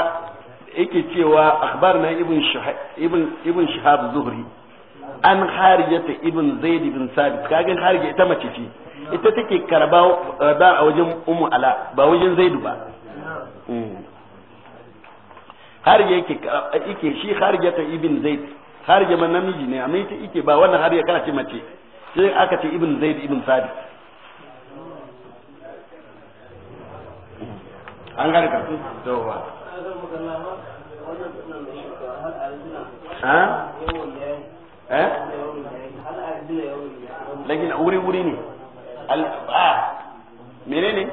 yake cewa akhbar na ibn shahab zuhri an harijata ibn zaid ibn sabit kaga harija ita mace ce ita take karba ba a wajen ummu ala ba wajen zaid ba mm. harija yake yake shi harijata ibn zaid har ya namiji ne amma ita ike ba wannan har ya kana ce mace sai aka ce ibn zaid ibn sabit an gane ka to ba ha eh lakin wuri wuri ne al a ah, menene